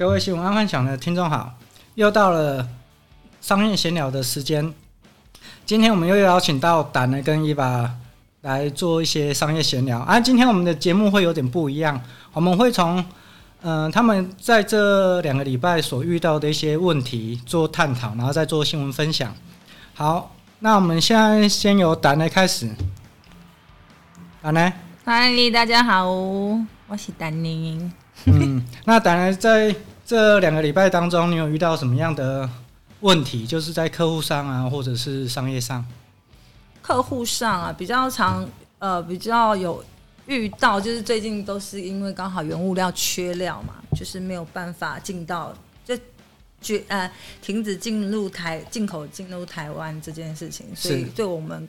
各位新聞安分享的聽眾好，又到了商業閒聊的時間。今天我們又邀請到丹寧跟伊巴來做一些商業閒聊。啊，今天我們的節目會有點不一樣，我們會從嗯、呃、他們在這兩個禮拜所遇到的一些問題做探討，然後再做新聞分享。好，那我們現在先由丹寧開始。丹寧，嗨，大家好，我是丹寧。 嗯，那當然，在這兩個禮拜當中，你有遇到什麼樣的問題？就是在客戶上啊，或者是商業上，客戶上啊，比較常呃，比較有遇到，就是最近都是因為剛好原物料缺料嘛，就是沒有辦法進到就絕呃，停止進入台進口進入台灣這件事情，所以對我們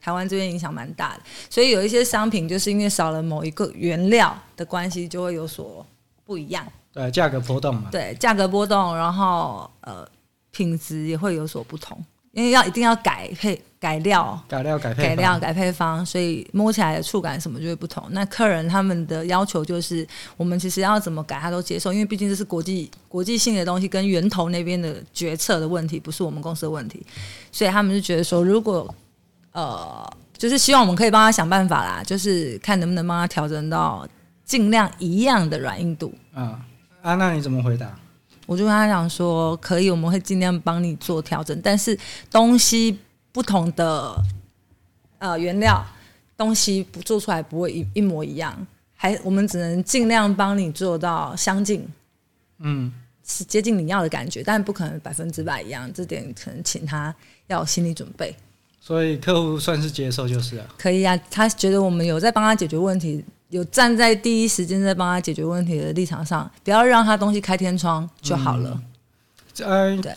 台灣這邊影響蠻大的。所以有一些商品就是因為少了某一個原料的關係，就會有所。不一樣，對價格波動嘛，對價格波動，然後呃，品質也會有所不同，因為要一定要改配改料，改料改配改料改配方，所以摸起來的觸感什麼就會不同。那客人他們的要求就是，我們其實要怎麼改他都接受，因為畢竟這是國際國際性的東西，跟源頭那邊的決策的問題，不是我們公司的問題，所以他們就覺得說，如果呃，就是希望我們可以幫他想辦法啦，就是看能不能幫他調整到，盡量一樣的軟硬度啊，安娜，你怎麼回答？我就跟他講說，可以，我們會盡量幫你做調整，但是東西不同的呃原料東西不做出來不會一一模一樣，還我們只能盡量幫你做到相近，嗯，是接近你要的感覺，但不可能百分之百一樣，這點可能請他要有心理準備。所以客戶算是接受就是了。可以啊，他覺得我們有在幫他解決問題。有站在第一時間在幫他解決問題的立場上，不要讓他東西開天窗就好了。在、嗯呃、對，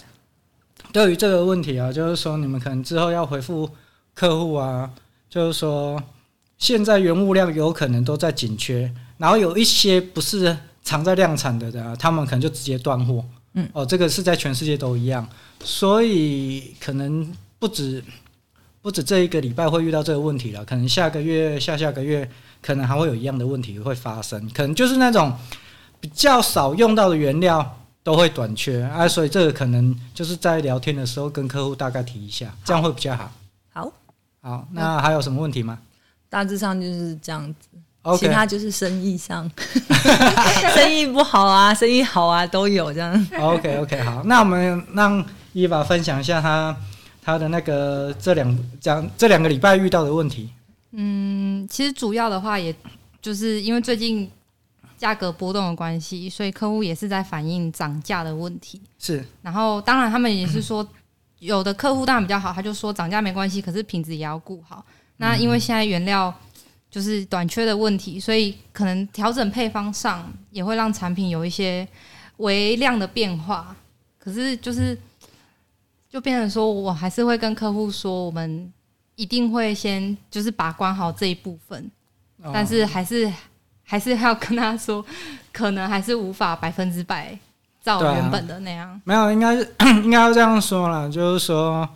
對於這個問題啊，就是說你們可能之後要回復客戶啊，就是說現在原物料有可能都在緊缺，然後有一些不是常在量產的，的、啊，的他們可能就直接斷貨。嗯，哦，這個是在全世界都一樣，所以可能不止。不止這一個禮拜會遇到這個問題了，可能下個月、下下個月可能還會有一樣的問題會發生，可能就是那種比較少用到的原料都會短缺啊，所以這個可能就是在聊天的時候跟客戶大概提一下，這樣會比較好。好，好，好，那還有什麼問題嗎？大致上就是這樣子，其他就是生意上，okay. 生意不好啊，生意好啊都有這樣。OK OK，好，那我們讓 Eva 分享一下她。他的那個這兩講這兩個禮拜遇到的問題，嗯，其實主要的話，也就是因為最近價格波動的關係，所以客戶也是在反映漲價的問題。是，然後當然他們也是說，有的客戶當然比較好，他就說漲價沒關係，可是品質也要顧好。那因為現在原料就是短缺的問題，所以可能調整配方上也會讓產品有一些微量的變化。可是就是。就變成說，我還是會跟客戶說，我們一定會先就是把關好這一部分，哦、但是還是還是要跟他說，可能還是無法百分之百照原本的那樣。啊、沒有，應該是應該要這樣說了，就是說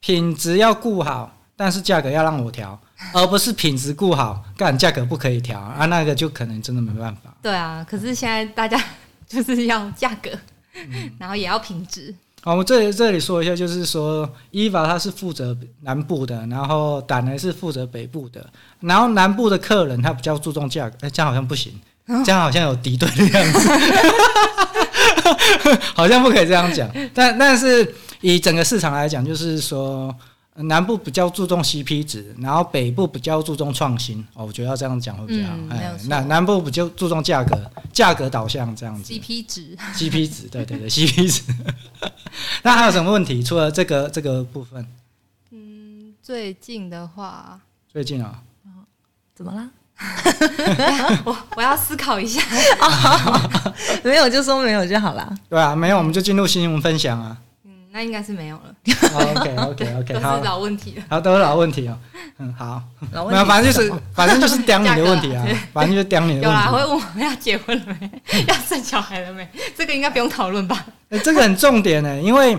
品質要顧好，但是價格要讓我調，而不是品質顧好，幹，但價格不可以調啊，那個就可能真的沒辦法。對啊，可是現在大家就是要價格、嗯，然後也要品質。哦，我這裡這裡說一下，就是說伊娃他是負責南部的，然後 Dana 是負責北部的。然後南部的客人他比較注重價格，哎、欸，這樣好像不行，哦、這樣好像有敵對的樣子， 好像不可以這樣講。但但是以整個市場來講，就是說南部比較注重 CP 值，然後北部比較注重創新。哦、喔，我覺得要這樣講會比較好。哎、嗯，南、欸、南部比較注重價格，價格導向這樣子。CP 值，CP 值，對對對 ，CP 值。那還有什麼問題？除了這個這個部分，嗯，最近的話，最近啊、哦哦，怎麼啦、 哎？我我要思考一下啊， 哦、 沒有就說沒有就好啦。對啊，沒有我們就進入新聞分享啊。那應該是沒有了、哦。OK OK OK，都是老問題了。好，都是老問題哦。題嗯，好。老問題，反正就是，反正就是刁你的問題啊。反正就是刁你的問題、啊。對會問我們要結婚了沒？ 要生小孩了沒？這個應該不用討論吧、欸？這個很重點呢、欸，因為，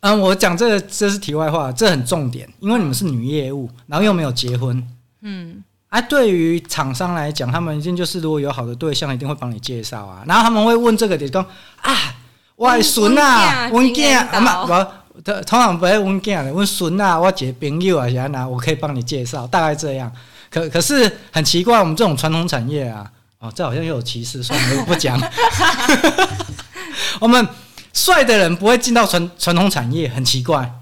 嗯，我講這個、這是題外話，這很重點，因為你們是女業務，然後又沒有結婚。嗯，啊，對於廠商來講，他們一定就是如果有好的對象，一定會幫你介紹啊。然後他們會問這個，你都啊。我孫啊，文建啊，唔，我通常不會文建的，我孫啊，我一個朋友啊，然後我可以幫你介紹，大概這樣。可可是很奇怪，我們這種傳統產業啊，哦，這好像又有歧視，算了，不 講， 嗯。 我們帥的人不會進到傳傳統產業，很奇怪。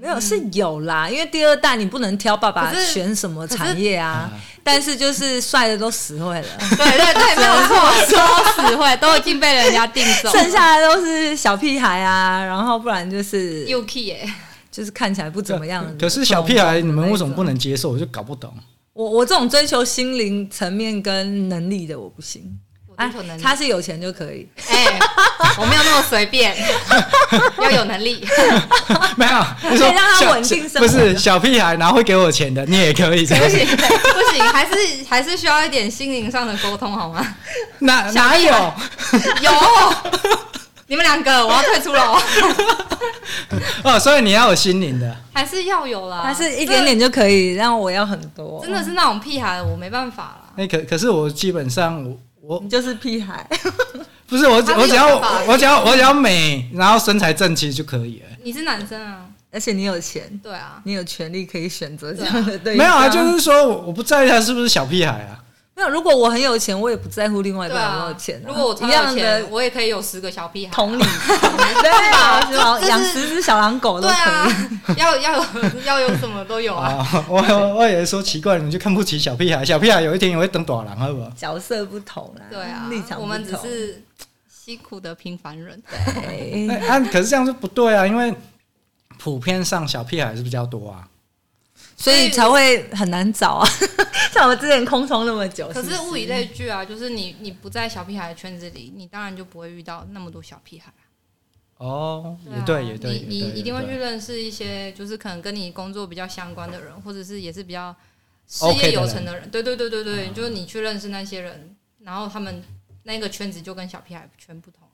沒有，是有啦，因為第二代你不能挑爸爸選什麼產業啊，是是啊，但是就是帥的都死會了， 對對對，沒有錯，死會，都已經被人家定走，剩下的都是小屁孩啊，然後不然就是又哎，就是看起來不怎麼樣可。可是小屁孩你們為什麼不能接受？我就搞不懂。我我這種追求心靈層面跟能力的，我不行。啊、他是有錢就可以。哎、欸， 我沒有那麼隨便，要有能力。沒有，先讓他穩定生活。不是小屁孩，然後會給我錢的，你也可以。 不行，不行，不 還是還是需要一點心靈上的溝通，好嗎？哪哪有？有， 你們兩個我要退出了。 哦，所以你要有心靈的，還是要有啦。還是一點點就可以，以？讓我要很多，真的是那種屁孩，我沒辦法了、欸。可可是我基本上我。我你就是屁孩， 不是我只，我只要、欸、我只要我只要，我只要美，然後身材正氣就可以了。你是男生啊，而且你有錢，對啊，你有權利可以選擇這樣的對象。啊啊、沒有啊，就是說我不在意他是不是小屁孩啊。那如果我很有錢，我也不在乎另外一半有沒有錢，啊啊。如果我有一樣錢，我也可以有十個小屁孩，啊，同理對、啊， 這樣吧，養十隻小狼狗都可以對啊， 要要要有什麼都有啊 我。我我以為說奇怪，你就看不起小屁孩，小屁孩有一天也會當大狼，好不好？角色不同啊，對啊，立場不同。我們只是辛苦的平凡人對 對、欸。那、啊、可是這樣就不對啊，因為普遍上小屁孩還是比較多啊。所以才會很難找啊！ 像我們之前空窗那麼久是不是？可是物以類聚啊，就是你你不在小屁孩的圈子裡，你當然就不會遇到那麼多小屁孩，啊。哦，對、啊，也對，你對你，你一定會去認識一些，就是可能跟你工作比較相關的人，或者是也是比較事業有成的人、OK、的人。對對對對對，就是你去認識那些人，然後他們那個圈子就跟小屁孩圈不同。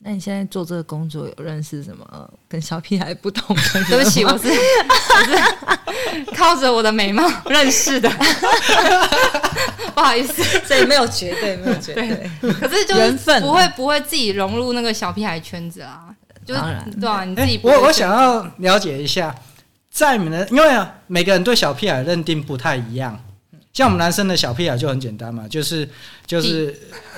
那你現在做這個工作，有認識什麼跟小屁孩不同的？ 對不起，我是，我是靠着我的美貌認識的 不好意思，所以沒有絕對，沒有絕對，對可是就緣分不會分不會自己融入那個小屁孩圈子啊，就，當然對啊，你自己、欸。我我想要了解一下，在你們因為啊，每個人對小屁孩認定不太一樣。像我們男生的小屁孩就很簡單嘛，就是就是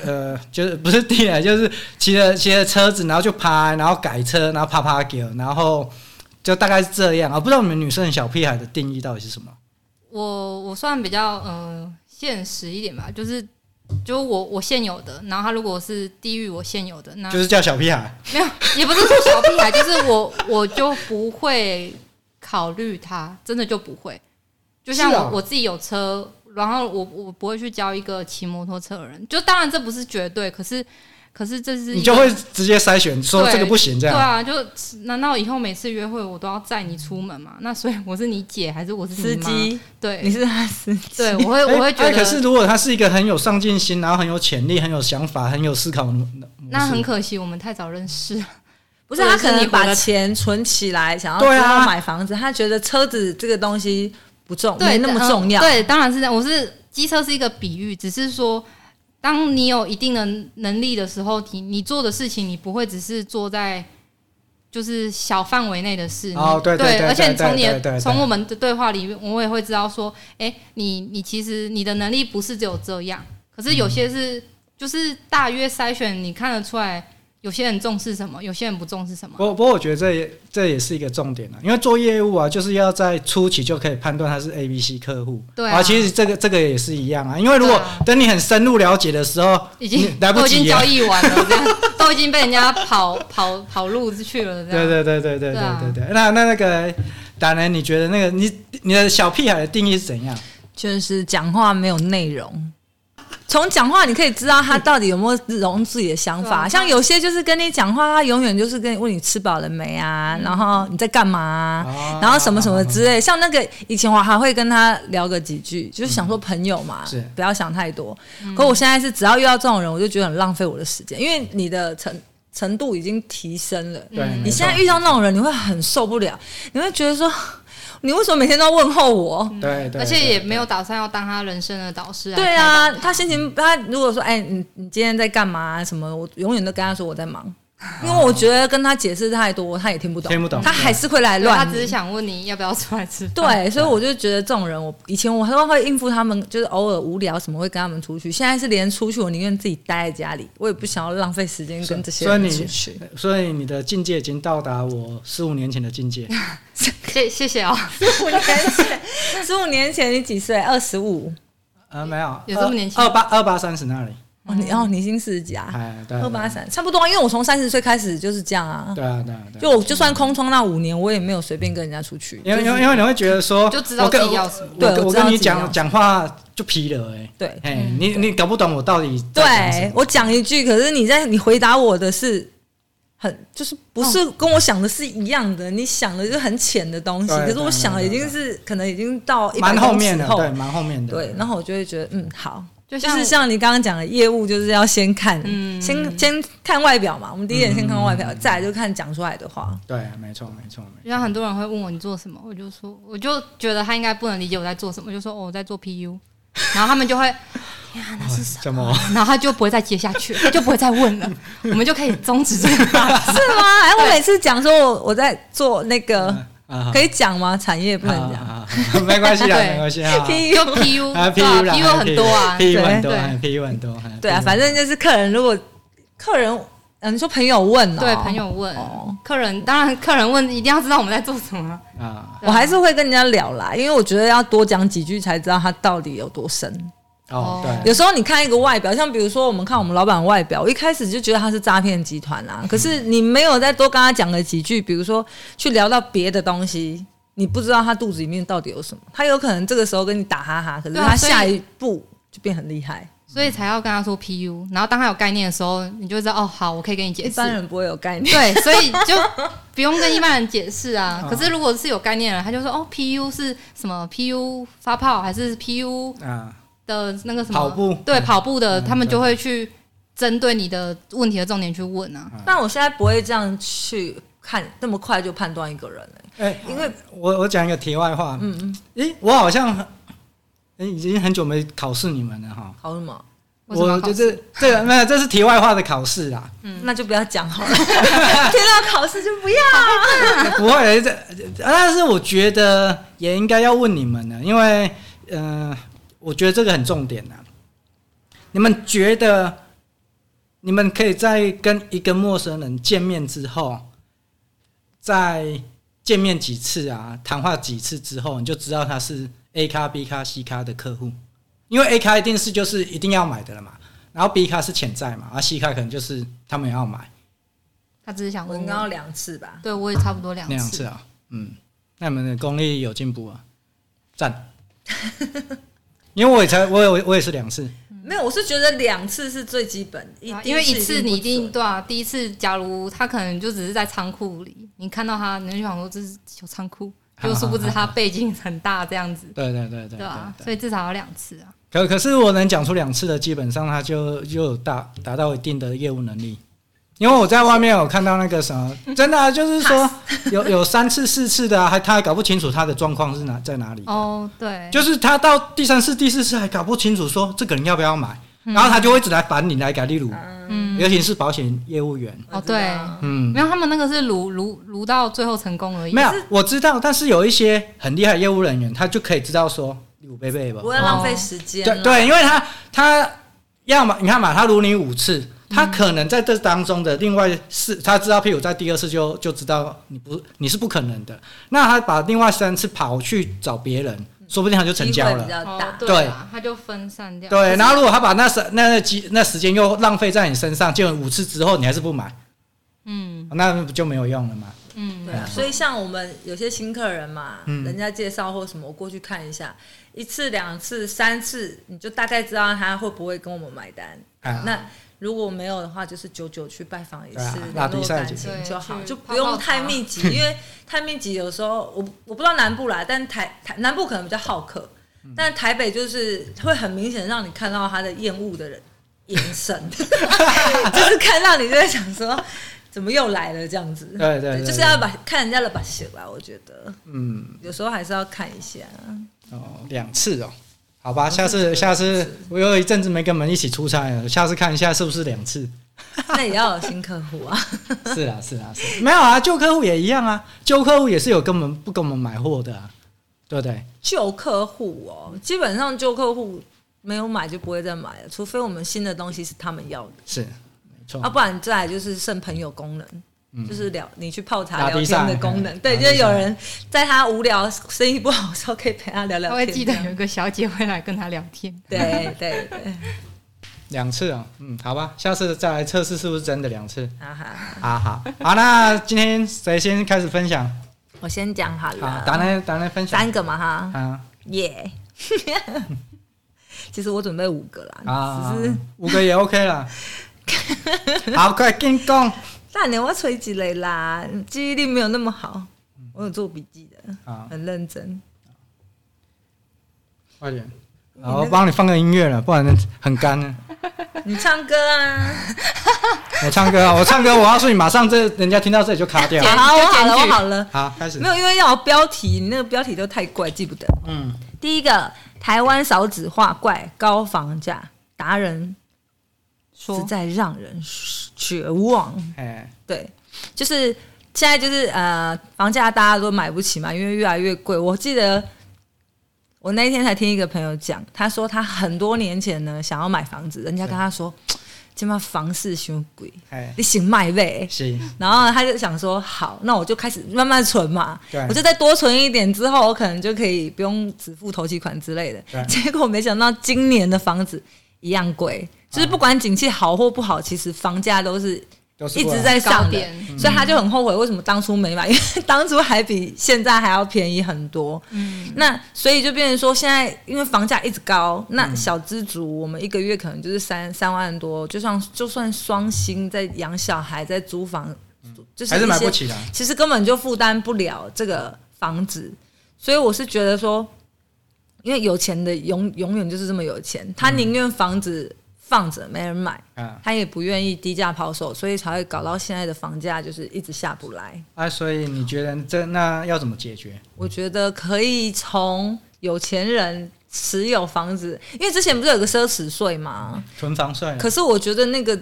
呃，就是不是地啊，就是騎着騎着車子，然後就拍，然後改車，然後啪啪叫，然後就大概是這樣啊。不知道你們女生的小屁孩的定義到底是什麼？我我算比較嗯、呃、現實一點吧，就是就是我我現有的，然後他如果是低於我現有的，那就是叫小屁孩。沒有，也不是說小屁孩， 就是我我就不會考慮他，真的就不會。就像我、啊、我自己有車。然後我我不會去交一個騎摩托車的人，就當然這不是絕對，可是可是這是你就會直接篩選說這個不行這樣對啊，就難道以後每次約會我都要載你出門嗎？那所以我是你姐還是我是你司機？對，你是他司機，對我會我會覺得、欸欸。可是如果他是一個很有上進心，然後很有潛力，很有想法，很有思考，那很可惜我們太早認識，不是他可能把錢存起來，想要對啊買房子、啊，他覺得車子這個東西。不重，沒那麼重要、嗯。對，當然是這樣。我是機車是一個比喻，只是說，當你有一定的能，能力的時候，你你做的事情，你不會只是做在就是小範圍內的事。哦，對，對，對，對，對，而且從你從我們的對話裡面，我也會知道說，哎、欸，你你其實你的能力不是只有這樣，可是有些是、嗯、就是大約篩選，你看得出來。有些人重視什麼，有些人不重視什麼。不，不過我覺得這也這也是一個重點啊，因為做業務啊，就是要在初期就可以判斷他是 A、B、C 客戶。對啊，啊，其實這個這個也是一樣啊，因為如果等你很深入了解的時候，啊、已經來不及、啊、交易完了 這樣。都已經被人家跑 跑跑路去了這樣。對對對對對對、啊、對對對對對。那那個、那個達人，你覺得那個你你的小屁孩的定義是怎樣？就是講話沒有內容。從講話你可以知道他到底有沒有融入自己的想法，像有些就是跟你講話，他永遠就是跟你問你吃飽了沒啊，然後你在幹嘛啊，然後什麼什麼之類。像那個以前我還會跟他聊個幾句，就是想說朋友嘛，不要想太多。可我現在是只要遇到這種人，我就覺得很浪費我的時間，因為你的程程度已經提升了，對你現在遇到那種人，你會很受不了，你會覺得說。你為什麼每天都要問候我？對、嗯、對，而且也沒有打算要當他人生的導師導、嗯。啊。對啊，他心情他如果說，哎、欸，你你今天在幹嘛？什麼？我永遠都跟他說我在忙。因為我覺得跟他解釋太多，他也聽不懂，聽不懂，他還是會來亂。他只是想問你要不要出來吃飯。對，所以我就覺得這種人，我以前我還會應付他們，就是偶爾無聊什麼會跟他們出去。現在是連出去，我寧願自己待在家裡，我也不想要浪費時間跟這些人出去。所以，所以你，所以你的境界已經到達我十五年前的境界。謝謝謝、哦、啊，十五年前，十 五年前你幾歲？二十五？呃，沒有，有這麼年輕？二八二八三十那裡。哦，你後你已經四十幾啊？二八傘差不多、啊、因為我從三十歲開始就是這樣啊。對啊，對，就我就算空窗那五年，我也沒有隨便跟人家出去。因為因為因為你會覺得說，就知道自己要什麼。對，我，我跟你講講話就疲了哎。對，哎、嗯，你你搞不懂我到底麼。對我講一句，可是你在你回答我的是很，很就是不是跟我想的是一樣的？你想的就是很淺的東西、哦，可是我想的已經是可能已經到蠻後，後面的，對，蠻後面的。對，然後我就會覺得，嗯，好。就，就是像你剛剛講的業務，就是要先看，嗯、先先看外表嘛。我們第一眼先看外表，嗯、再來就看講出來的話。對，沒錯，沒錯。因為很多人會問我你做什麼，我就說，我就覺得他應該不能理解我在做什麼，我就說、哦、我在做 PU， 然後他們就會，天啊，那是什麼？哦、什麼然後他就不會再接下去，他 就不會再問了， 我們就可以終止這個對話， 是嗎？哎，我每次講說我我在做那個。Uh -huh. 可以講嗎？產業不能講，uh -huh. Uh -huh. 沒關係係啊，沒關係啊。PU 啊 PU 啊，PU 很多啊對對，PU 很多，PU 很多。對啊,啊,對啊，反正就是客人，如果客人，嗯、啊，你說朋友問、哦，對，朋友問，哦、客人當然客人問，一定要知道我們在做什麼、uh, 啊。我還是會跟人家聊啦，因為我覺得要多講幾句才知道他到底有多深。哦、oh，對，有時候你看一個外表，像比如說我們看我們老板外表，我一開始就覺得他是詐騙集團啦、啊。可是你沒有再多跟他講了幾句，比如說去聊到別的東西，你不知道他肚子裡面到底有什麼。他有可能這個時候跟你打哈哈，可是他下一步就變很厲害、啊，所，所以才要跟他說 PU。然後當他有概念的時候，你就知道哦，好，我可以跟你解釋。一般人不會有概念，對，所以就不用跟一般人解釋啊、哦。可是如果是有概念的人，他就說哦，PU 是什麼？PU 發泡還是 PU、啊的那個什麼，跑步，對、嗯、跑步的、嗯，他們就會去針對你的問題的重點去問啊、嗯。但我現在不會這樣去看，那、嗯、麼快就判斷一個人、欸。哎、欸，因為、呃、我我講一個題外話，嗯嗯，哎、欸，我好像哎、欸、已經很久沒考試你們了哈。考什麼？我就是對，沒有、這個，這是題外話的考試啦。嗯，那就不要講好了，提 到 考試就不要。啊、不會、欸，這但是我覺得也應該要問你們的，因為嗯。呃我覺得這個很重點吶、啊，你們覺得你們可以在跟一個陌生人見面之後，在見面幾次啊，談話幾次之後，你就知道他是 A 咖、B 咖、C 咖的客戶？因為 A 咖一定是就是一定要買的了嘛，然後 B 咖是潛在嘛，而、啊、C 咖可能就是他們也要買。他只是想問我剛剛兩次吧，對，我也差不多兩次、嗯、兩次啊，嗯，那你們的功力有進步啊，讚。 因為我也才我我我也是兩次，沒有，我是覺得兩次是最基本，因為一次你一定對吧？第一次假如他可能就只是在倉庫裡，你看到他你就想說這是小倉庫，就殊不知他背景很大這樣子，對對對對，對吧？所以至少要兩次啊。可可是我能講出兩次的，基本上他就就有達達到一定的業務能力。因為我在外面有看到那個什麼，真的、啊、就是說有，有有三次四次的、啊，還他還搞不清楚他的狀況是哪在哪裡。哦、oh,，對，就是他到第三次第四次還搞不清楚，說這個人要不要買，嗯、然後他就會一直來煩你來給你盧，尤其是保險業務員。哦，對，嗯，沒有他們那個是盧盧盧到最後成功而已。沒有，我知道，但是有一些很厲害的業務人員，他就可以知道說，五貝貝吧，不要浪費時間。對對，因為他他要麼你看嘛，他盧你五次。嗯、他可能在這當中的另外四，他知道譬如在第二次就就知道你不，你是不可能的，那他把另外三次跑去找別人、嗯，說不定他就成交了、機會比較大，哦，對啊。對，他就分散掉。對，然後如果他把那時那那機那時間又浪費在你身上，就五次之後你還是不買，嗯，那不就沒有用了嗎？嗯，對、啊、嗯。所以像我們有些新客人嘛，嗯、人家介紹或什麼，我過去看一下，一次、兩次、三次，你就大概知道他會不會跟我們買單。哎、那。啊如果沒有的話，就是久久去拜訪一次，然後感情就好，就不用太密集，怕怕怕因為，怕怕因為太密集有時候我我不知道南部啦，但台，台南部可能比較好客，嗯，但台北就是會很明顯讓你看到他的厭惡的人眼神，嗯、 就是看到你就在想說怎麼又來了這樣子，嗯、對對，對，對，對，對，就是要把看人家的把戲吧。」我覺得，嗯，有時候還是要看一下哦，兩、嗯、次哦。好吧，嗯、下次、嗯、下次我有一陣子沒跟我們一起出差了，下次看一下是不是兩次。那也要有新客戶啊， 啊。是啊，是啊，是，啊是啊。沒有啊，舊客戶也一樣啊，舊客戶也是有跟我們不跟我們買貨的、啊，對不對？舊客戶哦，基本上舊客戶沒有買就不會再買了，除非我們新的東西是他們要的，是沒錯。啊，啊，不然再來就是剩朋友功能。嗯、就是聊你去泡茶聊天的功能，對，對，就是有人在他無聊、生意不好的時候可以陪他聊聊天。他會記得有一個小姐會來跟他聊天，對 對對，兩次啊、哦，嗯，好吧，下次再來測試是不是真的兩次？啊哈啊哈好，好，那今天誰先開始分享？我先講好了。好，當然當然分享？三個嘛哈。嗯、啊，耶、yeah. 其實我準備五個啦，啊，五個也 OK 了。 好，快跟工。那你我吹起來啦？記憶力沒有那麼好，我有做筆記的，很認真。快點、那個，我幫你放個音樂了，不然很乾、啊。 你唱歌啊！ 我唱歌，我唱歌，我要說你馬上這人家聽到這裡就卡掉了。 好，我好了，我好了，好開始。沒有，因為要我標題，你那個標題都太怪，記不得。嗯，第一個，台灣少子化怪高房價達人。實在讓人絕望。哎，對，就是現在，就是呃，房價大家都買不起嘛，因為越來越貴。我記得我那一天才聽一個朋友講，他說他很多年前呢想要買房子，人家跟他說，他媽房市兇貴，你行買唄，然後他就想說，好，那我就開始慢慢存嘛，我就再多存一點，之後我可能就可以不用只付頭期款之類的。結果沒想到今年的房子。一樣貴，就是不管景氣好或不好，啊、其實房價都是一直在上、啊。所以他就很後悔，為什麼當初沒買、嗯？因為當初還比現在還要便宜很多。嗯、那所以就變成說，現在因為房價一直高，那小資族我們一個月可能就是三三、嗯、萬多，就算就算雙薪在養小孩在租房，嗯、就是還是買不起、啊、其實根本就負擔不了這個房子，所以我是覺得說。因為有錢的永永遠就是這麼有錢，他寧願房子放着沒人買，嗯啊、他也不願意低價拋售，所以才會搞到現在的房價就是一直下不來。啊。所以你覺得這那要怎麼解決？我覺得可以從有錢人持有房子，因為之前不是有個奢侈稅嘛，囤房稅。可是我覺得那個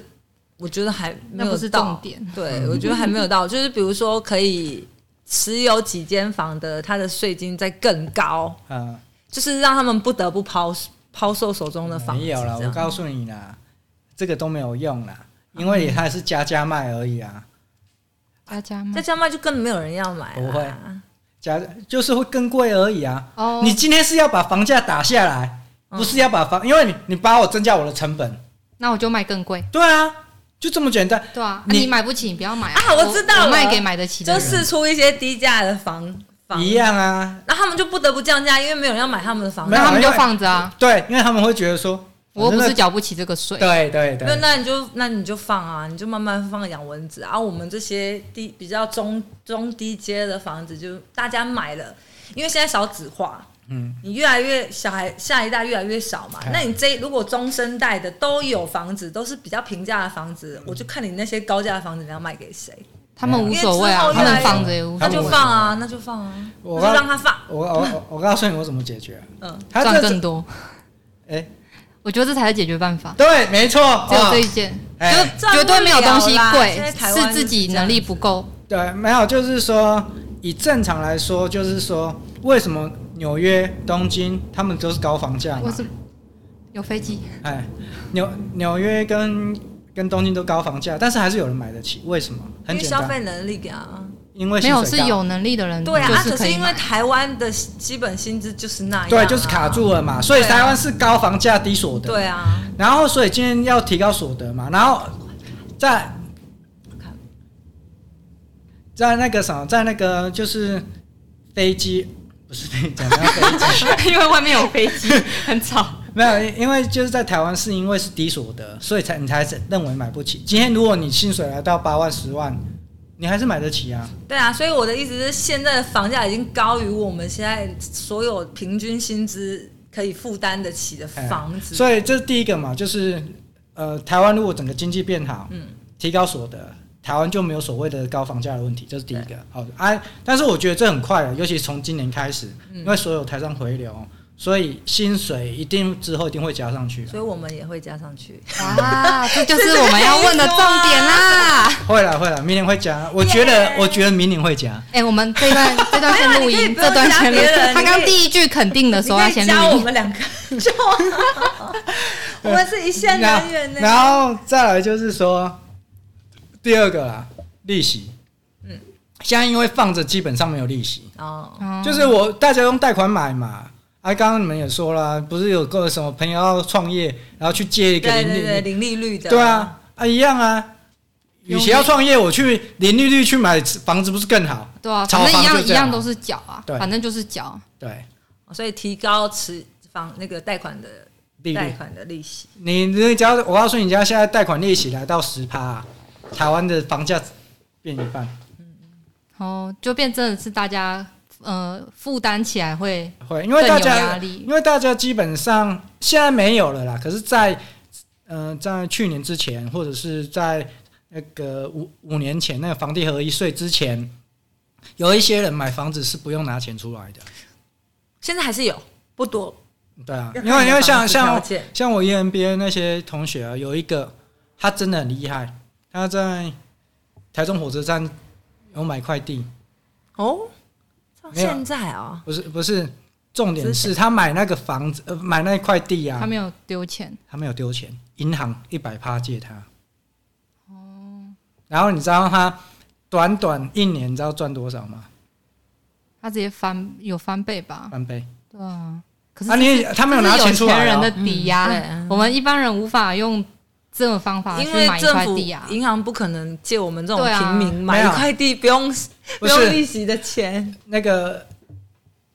我覺得還沒有到那不是重點，對、嗯、我覺得還沒有到，就是比如說可以持有幾間房的，他的稅金再更高。嗯。啊就是讓他們不得不拋拋售手中的房子。沒有了，我告訴你啦，這個都沒有用了，嗯，因為你還是加價賣而已啊。加價賣，加價賣就根本沒有人要買。不會，加就是會更貴而已啊。哦，oh。你今天是要把房價打下來，不是要把房，嗯，因為你你把我增加我的成本，那我就賣更貴。對啊，就這麼簡單。對啊，你，啊你買不起，你不要買啊！啊我知道賣給買得起的人，就是出一些低價的房。一樣啊，那他們就不得不降價，因為沒有人要買他們的房子，那他們就放着啊。對，因為他們會覺得說，我不是繳不起這個稅。對對對，那你就那你就放啊，你就慢慢放養蚊子啊。我們這些低比較中中低階的房子，就大家買了，因為現在少子化，嗯，你越來越小孩下一代越來越少嘛，那你這如果中生代的都有房子，都是比較平價的房子，我就看你那些高價的房子你要賣給誰。他們無所謂啊，他們放着也無所謂，那就放啊，那就放啊。我就讓他放。我我我，我告訴你，我怎麼解決、啊？嗯，他賺更多。哎、欸，我覺得這才是解決辦法。對，沒錯，只有這一件、欸，就絕對沒有東西貴，是自己能力不夠。對，沒有，就是說，以正常來說，就是說，為什麼紐約、東京他們都是高房價？為什麼？有飛機。哎、嗯，紐、欸、紐約跟。跟東京都高房價，但是還是有人買得起，為什麼？很簡單，因為消費能力啊。因為沒有是有能力的人，對啊，就是可以買，他只是因為台灣的基本薪資就是那樣啊，對，就是卡住了嘛，所以台灣是高房價低所得。對啊，然後所以今天要提高所得嘛，然後在在那個什麼，在那個就是飛機，不是飛機， 因為外面有飛機，很吵。 沒有，因為就是在台灣是因為是低所得，所以才你才認為買不起。今天如果你薪水來到八萬、十萬，你還是買得起啊。對啊，所以我的意思是，現在的房價已經高於我們現在所有平均薪資可以負擔得起的房子、啊。所以這是第一個嘛，就是呃，台灣如果整個經濟變好，嗯，提高所得，台灣就沒有所謂的高房價的問題。這、就是第一個。好、哦，哎，但是我覺得這很快了，尤其從今年開始，因為所有台商回流。嗯所以薪水一定之後一定會加上去，所以我們也會加上去 啊！這就是我們要問的重點啦。啊、會啦會啦，明年會加，我覺得、yeah! 我覺得明年會加。哎、欸，我們這段這段錄音，這段先錄。啊、先他剛第一句肯定的時候要、啊、先錄。我們兩個就 我們是一線人員。然後再來就是說第二個啦，利息。嗯，現在因為放着基本上沒有利息哦、嗯，就是我大家用貸款買嘛。哎、啊，剛剛你們也說了，不是有個什麼朋友要創業，然後去借一個零利率的，對啊，啊一樣啊。與其要創業，我去零利率去買房子不是更好？對啊，反正一樣，樣、啊、一樣都是繳啊對，反正就是繳、啊。對，所以提高持房那個貸款的利率，貸款的利息。你只要我告訴你，你現在貸款利息來到十趴、啊，台灣的房價變一半。嗯嗯，好，就變真的是大家。呃，負擔起來會會，因為大家因為大家基本上現在沒有了啦。可是在，在呃，在去年之前，或者是在那個五五年前，那個房地合一稅之前，有一些人買房子是不用拿錢出來的。現在還是有不多。對啊，因為因為像像像我 EMBA 那些同學啊，有一個他真的很厲害，他在台中火車站有買塊地哦。現在啊、哦，不是不是，重點是他買那個房子，呃，買那塊地啊，他沒有丟錢，他沒有丟錢，銀行一百趴借他，哦，然後你知道他短短一年，你知道賺多少嗎？他直接翻有翻倍吧？翻倍，對啊，可是他沒、啊、有拿錢出來啊、哦，有錢人的抵押、欸嗯，我們一般人無法用。這種方法去買一塊地、啊、因為政府銀行不可能借我們這種平民、啊、買一塊地不，不用不用利息的錢。那個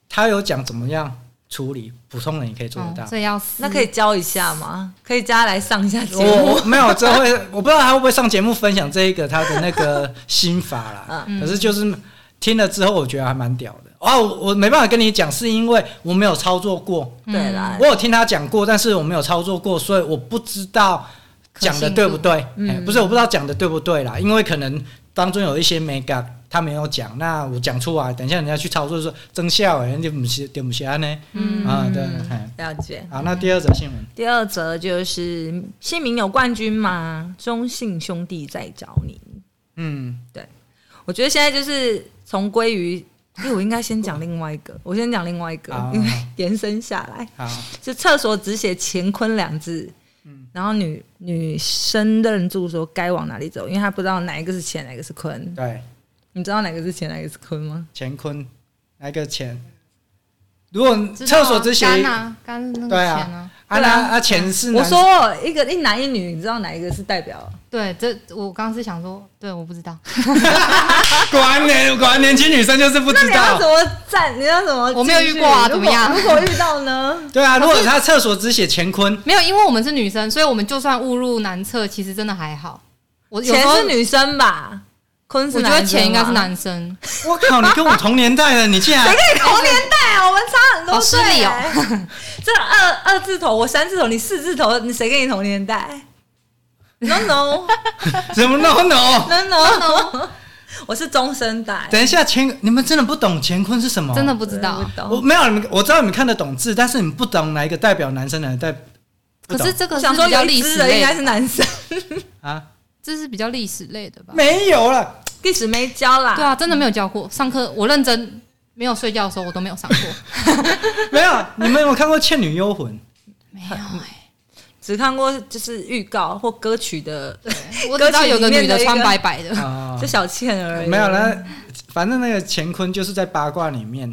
他有講怎麼樣處理，普通人也可以做得到。這、哦、要那可以教一下嗎？可以加來上一下節目？沒有，這 會我不知道他會不會上節目分享這一個他的那個心法啦。 嗯，可是就是聽了之後，我覺得還蠻屌的哦，我我沒辦法跟你講，是因為我沒有操作過。對、嗯、了，我有聽他講過，但是我沒有操作過，所以我不知道。講的,的對不對、嗯？不是，我不知道講的對不對啦、嗯，因為可能當中有一些眉角，他沒有講，那我講出來，等一下人家去操作說的時候，生效哎，就不是，就不是安呢。嗯，啊，對，嗯、了解。啊，那第二則新聞、嗯，第二則就是姓名有冠軍嗎？中信兄弟在找你。嗯，對，我覺得現在就是從歸於，哎，我應該先講另外一個，我,我先講另外一個、哦，因為延伸下來，好 是廁所只寫“乾坤”兩字。然後女女生認住說，該往哪裡走，因為她不知道哪一個是乾，哪個是坤。對，你知道哪個是乾，哪個是坤嗎？乾坤，哪個是乾？如果、啊、廁所只寫，乾啊，乾那個錢啊，啊男啊，啊錢是我說一個一男一女，你知道哪一個是代表？對，這我剛剛是想說，對，我不知道。 果然年，果然，年輕女生就是不知道。你要怎麼站，你要怎麼？我沒有遇過啊，怎麼樣如？如果遇到呢？對啊，如果他廁所只寫乾坤， 沒有，因為我們是女生，所以我們就算誤入男廁，其實真的還好。我錢是女生吧？坤是男，我覺得錢應該是男生。 我靠，你跟我同年代的，你竟然誰跟你同年代？ 我們差很多歲哦， 這二二字頭，我三字頭，你四字頭，你誰跟你同年代？No No，怎 麼 no no, no no No No？我是中生代。等一下，乾，你們真的不懂乾坤是什麼？真的不知道，我,我沒有你們，我知道你們看得懂字，但是你們不懂哪一個代表男生，來代表？可是這個是想說有歷史的應該是男生啊，這是比較歷史類的吧？沒有啦，歷史沒教啦。對啊，真的沒有教過。上課我認真。沒有睡覺的時候，我都沒有上過 沒有，你們有沒有看過《倩女幽魂》？ 沒有哎、欸，只看過就是預告或歌曲的。我知道個歌有個女的穿白白的，哦、是小倩而已。哦、沒有，反正那個乾坤就是在八卦裡面，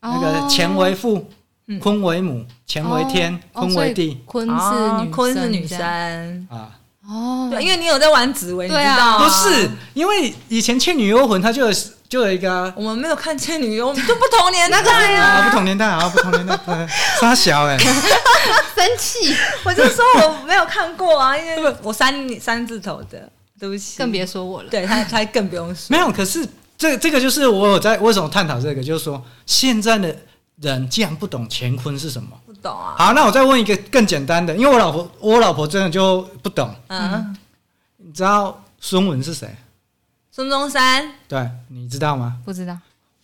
哦、那個乾為父、嗯，坤為母，乾為天，哦、坤為地，哦、坤是女，坤是女生。啊。哦，對，因為你有在玩紫薇，對、啊、你知道不是，因為以前《倩女幽魂》它就有。就有一個、啊，我們沒有看《倩女幽魂》，就不同年代啊，不同年代啊，不同年代，傻、啊啊、小哎、欸， 生氣，我就說我沒有看過啊，因為我三三字頭的，對不起，更別說我了，對，他，他更不用說。 沒有，可是這這個就是我，在為什麼探討這個，就是說現在的人竟然不懂乾坤是什麼，不懂啊。好，那我再問一個更簡單的，因為我老婆，我老婆真的就不懂。嗯，你知道孫文是誰？孫中山，對，你知道嗎？不知道，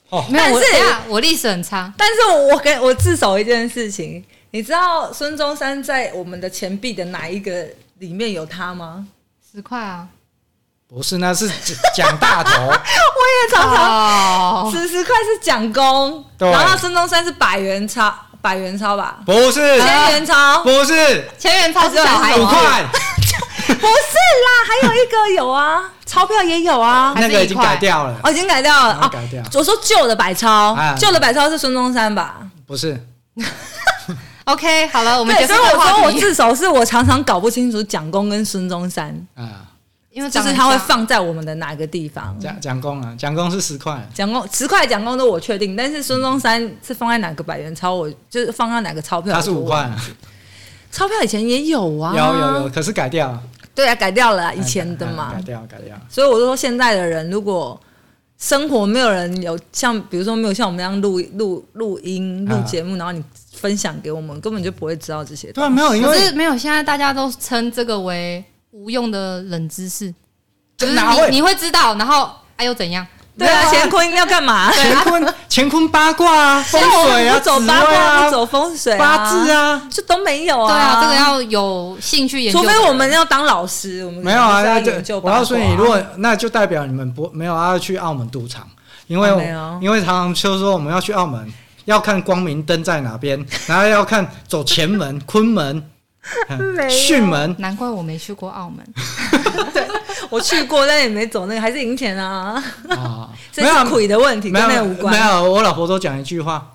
哦、oh,，但是我歷史很差，但是我跟我自首一件事情，你知道孫中山在我們的錢幣的哪一個裡面有他嗎？十塊啊？不是，那是蔣大頭， 我也常常、oh.，十十塊是蔣公，然後孫中山是百元鈔，百元鈔吧？不是千元鈔，啊，不是千元鈔是,、啊，是五塊。 不是啦，還有一個有啊，鈔 票也有啊，那個已經改掉了，哦，已經改掉了改掉啊。我說舊的百鈔，舊、啊啊、的百鈔是孫中山吧？不是。 OK，好了，我們結束這個話題。所以我說我自首，是我常常搞不清楚蔣公跟孫中山啊，因為就是他會放在我們的哪個地方？蔣蔣公啊，蔣公是十塊，蔣公十塊，蔣公都我確定，但是孫中山是放在哪個百元鈔？我就是放在哪個鈔票？他是五塊、啊。鈔票以前也有啊，有有有，可是改掉了。對啊，改掉了，啊、以前的嘛，啊、改掉改掉了。所以我就說，現在的人如果生活沒有人有像，比如說沒有像我們這樣錄錄錄音錄節目、啊，然後你分享給我們，根本就不會知道這些。對啊，沒有，因為可是沒有。現在大家都稱這個為無用的冷知識，就是你會你會知道，然後哎、啊、又怎樣？啊對啊，乾坤要幹嘛？乾坤乾坤八卦啊， 風水啊，啊你走八卦不、啊啊、走風水、啊，八字啊，這都沒有啊。對啊，這個要有興趣研究。除非我們要當老師，我們沒有啊。就是、要，然後所以如果那就代表你們不沒有要、啊、去澳門賭場，因為沒有因為常常就說我們要去澳門，要看光明燈在哪邊，然後要看走前門、坤 門。澳、嗯啊、門，難怪我沒去過澳門。 我去過，但也沒走那個，還是贏錢啊！哦、 是沒是虧的問題，跟那無關沒。沒有，我老婆都講一句話：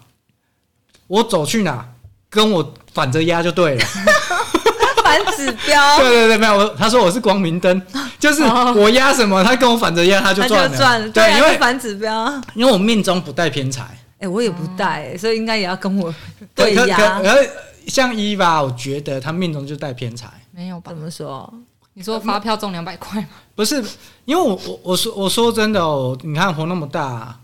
我走去哪，跟我反着壓就對了。 反指標， 對對對，沒有。他說我是光明燈，就是我壓什麼，他跟我反着壓，他就賺了，他就賺了對對對。對，因為反指標，因為我命中不帶偏財。哎、嗯欸，我也不帶，所以應該也要跟我對壓。對像伊娃，我覺得她命中就帶偏財。沒有吧？怎麼說？你說發票中兩百塊嗎？不是，因為我我我說我說真的哦、喔，你看活那麼大，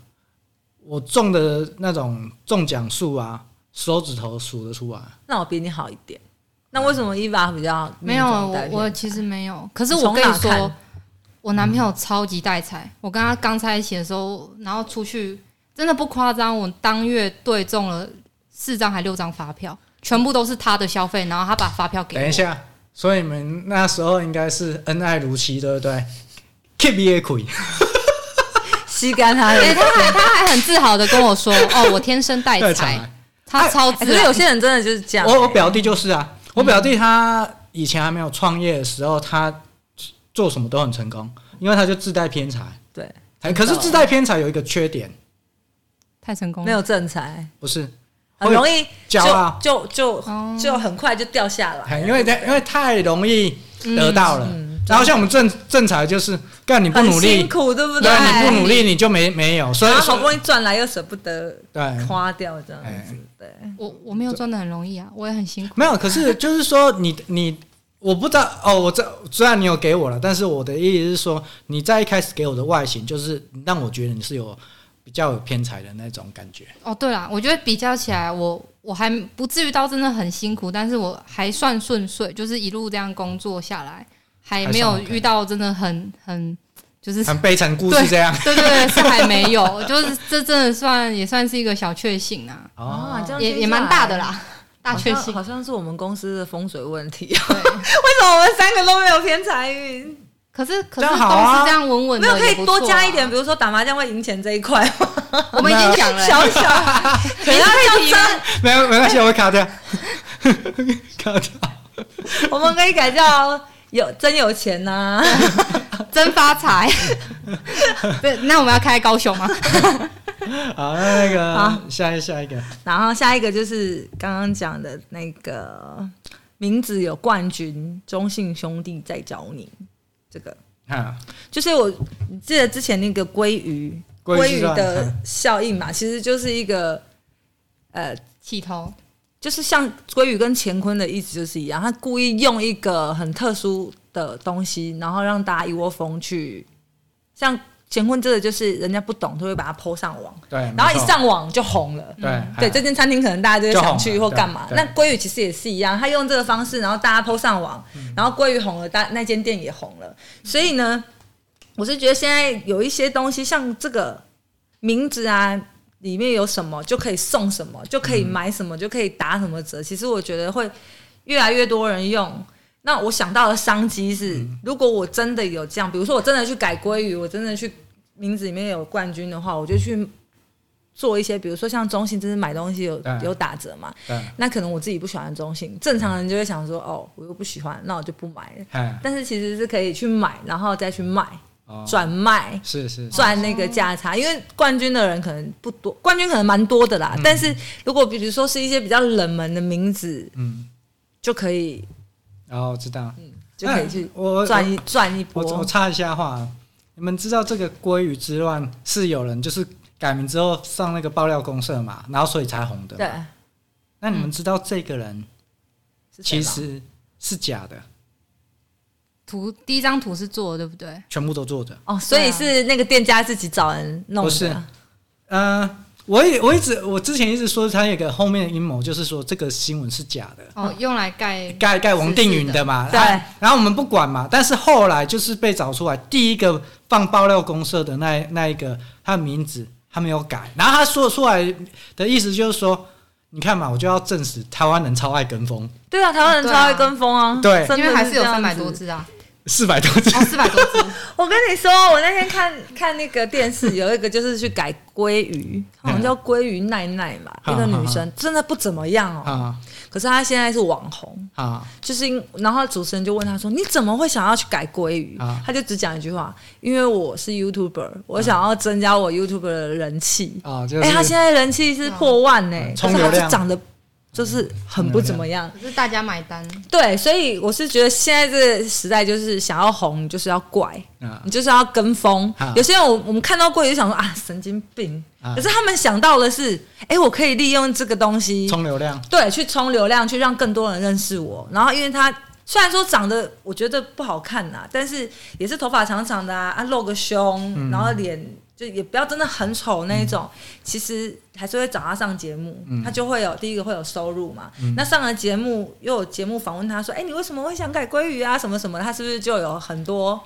我中的那種中獎數啊，手指頭數得出來。那我比你好一點？那為什麼伊娃比較、嗯、沒有？我我其實沒有，可是我跟你說，你我男朋友超級帶財。我跟他剛在一起的時候，然後出去，真的不誇張，我當月對中了四張還六張發票。全部都是他的消費，然後他把發票給。等一下，所以你們那時候應該是恩愛如昔，對不對？Keep you queen 吸乾他。哎，他還他還很自豪的跟我說：“ 哦，我天生帶財。”他超值。有些人真的就是這樣、欸。我我表弟就是啊，我表弟他以前還沒有創業的時候、嗯，他做什麼都很成功，因為他就自帶偏財。對、哦。可是自帶偏財有一個缺點，太成功了。沒有正財。不是。.很容易就就就，就很快就掉下來了。因為因為太容易得到了，嗯、然後像我們正正財就是干你不努力，辛苦對不對，對？你不努力你就沒沒有，所以好不容易賺來又捨不得對花掉這樣子。對，對我我沒有賺的很容易啊，我也很辛苦。沒有，可是就是說你你我不知道哦，我知道雖然你有給我了，但是我的意思是說你在一開始給我的外形就是讓我覺得你是有。比較有偏財的那種感覺。哦，對啦，我覺得比較起來我，我我還不至於到真的很辛苦，但是我還算順遂，就是一路這樣工作下來，還沒有遇到真的很很就是很，很悲慘故事這樣。對，對對，是還沒有， 就是這真的算也算是一個小確幸啊。哦，哦也也蠻大的啦，大確幸。好像，好像是我們公司的風水問題。 為什麼我們三個都沒有偏財運？可是可是都是這樣穩穩的、啊啊，沒有可以多加一點，比如說打麻將會贏錢這一塊，我們已經講了、欸，小小是，你要叫真，沒有沒關係，我會卡掉， 卡掉，我們可以改叫有真有錢吶、啊， 真發財財， 那我們要開高雄嗎？ 好，那那個好下一個下一個，然後下一個就是剛剛講的那個名字有冠軍，中信兄弟在找你。這個，就是我記得之前那個鮭魚鮭魚的效應嘛，其實就是一個呃氣頭，就是像鮭魚跟乾坤的意思就是一樣，他故意用一個很特殊的東西，然後讓大家一窩蜂去像。乾坤真的就是人家不懂，就會把它 PO 上網，對，然後一上網就紅了，對，嗯對，啊、對，這間餐廳可能大家就會想去或幹嘛。那鮭魚其實也是一樣，他用這個方式，然後大家 PO 上網，然後鮭魚紅了，那那間店也紅了，嗯。所以呢，我是覺得現在有一些東西，像這個名字啊，裡面有什麼就可以送什麼，就可以買什麼，嗯，就可以打什麼折。其實我覺得會越來越多人用。那我想到的商機是，嗯，如果我真的有這樣，比如說我真的去改鮭魚，我真的去。名字裡面有冠軍的話，我就去做一些，比如說像中信，就是買東西有有打折嘛。那可能我自己不喜歡中信，正常人就會想說：“哦，我又不喜歡，那我就不買了。”但是其實是可以去買，然後再去賣，轉、哦、賣是是賺那個價差、哦、因為冠軍的人可能不多，冠軍可能蠻多的啦、嗯。但是如果比如說是一些比較冷門的名字，嗯，就可以。哦，我知道，嗯，就可以去、啊、我賺一賺一波我我我。我插一下話。你們知道這個“鮭魚之亂”是有人就是改名之後上那個爆料公社嘛，然後所以才紅的。對。那你們知道這個人其實是假的？嗯、圖第一張圖是做的，對不對？全部都做的。哦，所以是那個店家自己找人弄的。不是，嗯、呃。我一我一直我之前一直說他有個後面的陰謀，就是說這個新聞是假的，哦，用來蓋蓋蓋王定宇的嘛的，對。然後我們不管嘛，但是後來就是被找出來，第一個放爆料公社的那那一個，他的名字他沒有改，然後他說出來的意思就是說，你看嘛，我就要證實台灣人超愛跟風，對啊，台灣人超愛跟風啊，對，因為還是有三百多只啊。四百多集，哦，四百多集。 我跟你說，我那天看看那個電視，有一個就是去改鮭魚， 好像叫鮭魚奈奈嘛那，啊，一個女生，啊，真的不怎麼樣哦。啊，可是她現在是網紅啊，就是因，然後主持人就問她說：“你怎麼會想要去改鮭魚，啊？”她就只講一句話：“因為我是 YouTuber，啊，我想要增加我 YouTuber 的人氣啊。就是”哎，欸，她現在人氣是破萬呢，欸，啊，可是她就長得。就是很不怎麼樣，可是大家買單。對，所以我是覺得現在這個時代就是想要紅，就是要怪，你就是要跟風。有些人我我們看到過，也想說啊，神經病。可是他們想到的是，哎，我可以利用這個東西衝流量，對，去衝流量，去讓更多人認識我。然後，因為他雖然說長得我覺得不好看吶、啊，但是也是頭髮長長的啊，露個胸，然後臉。就也不要真的很醜那一種、嗯，其實還是會找他上節目、嗯，他就會有第一個會有收入嘛。嗯、那上了節目又有節目訪問，他說：“哎、欸，你為什麼會想改鮭魚啊？什麼什麼？”他是不是就有很多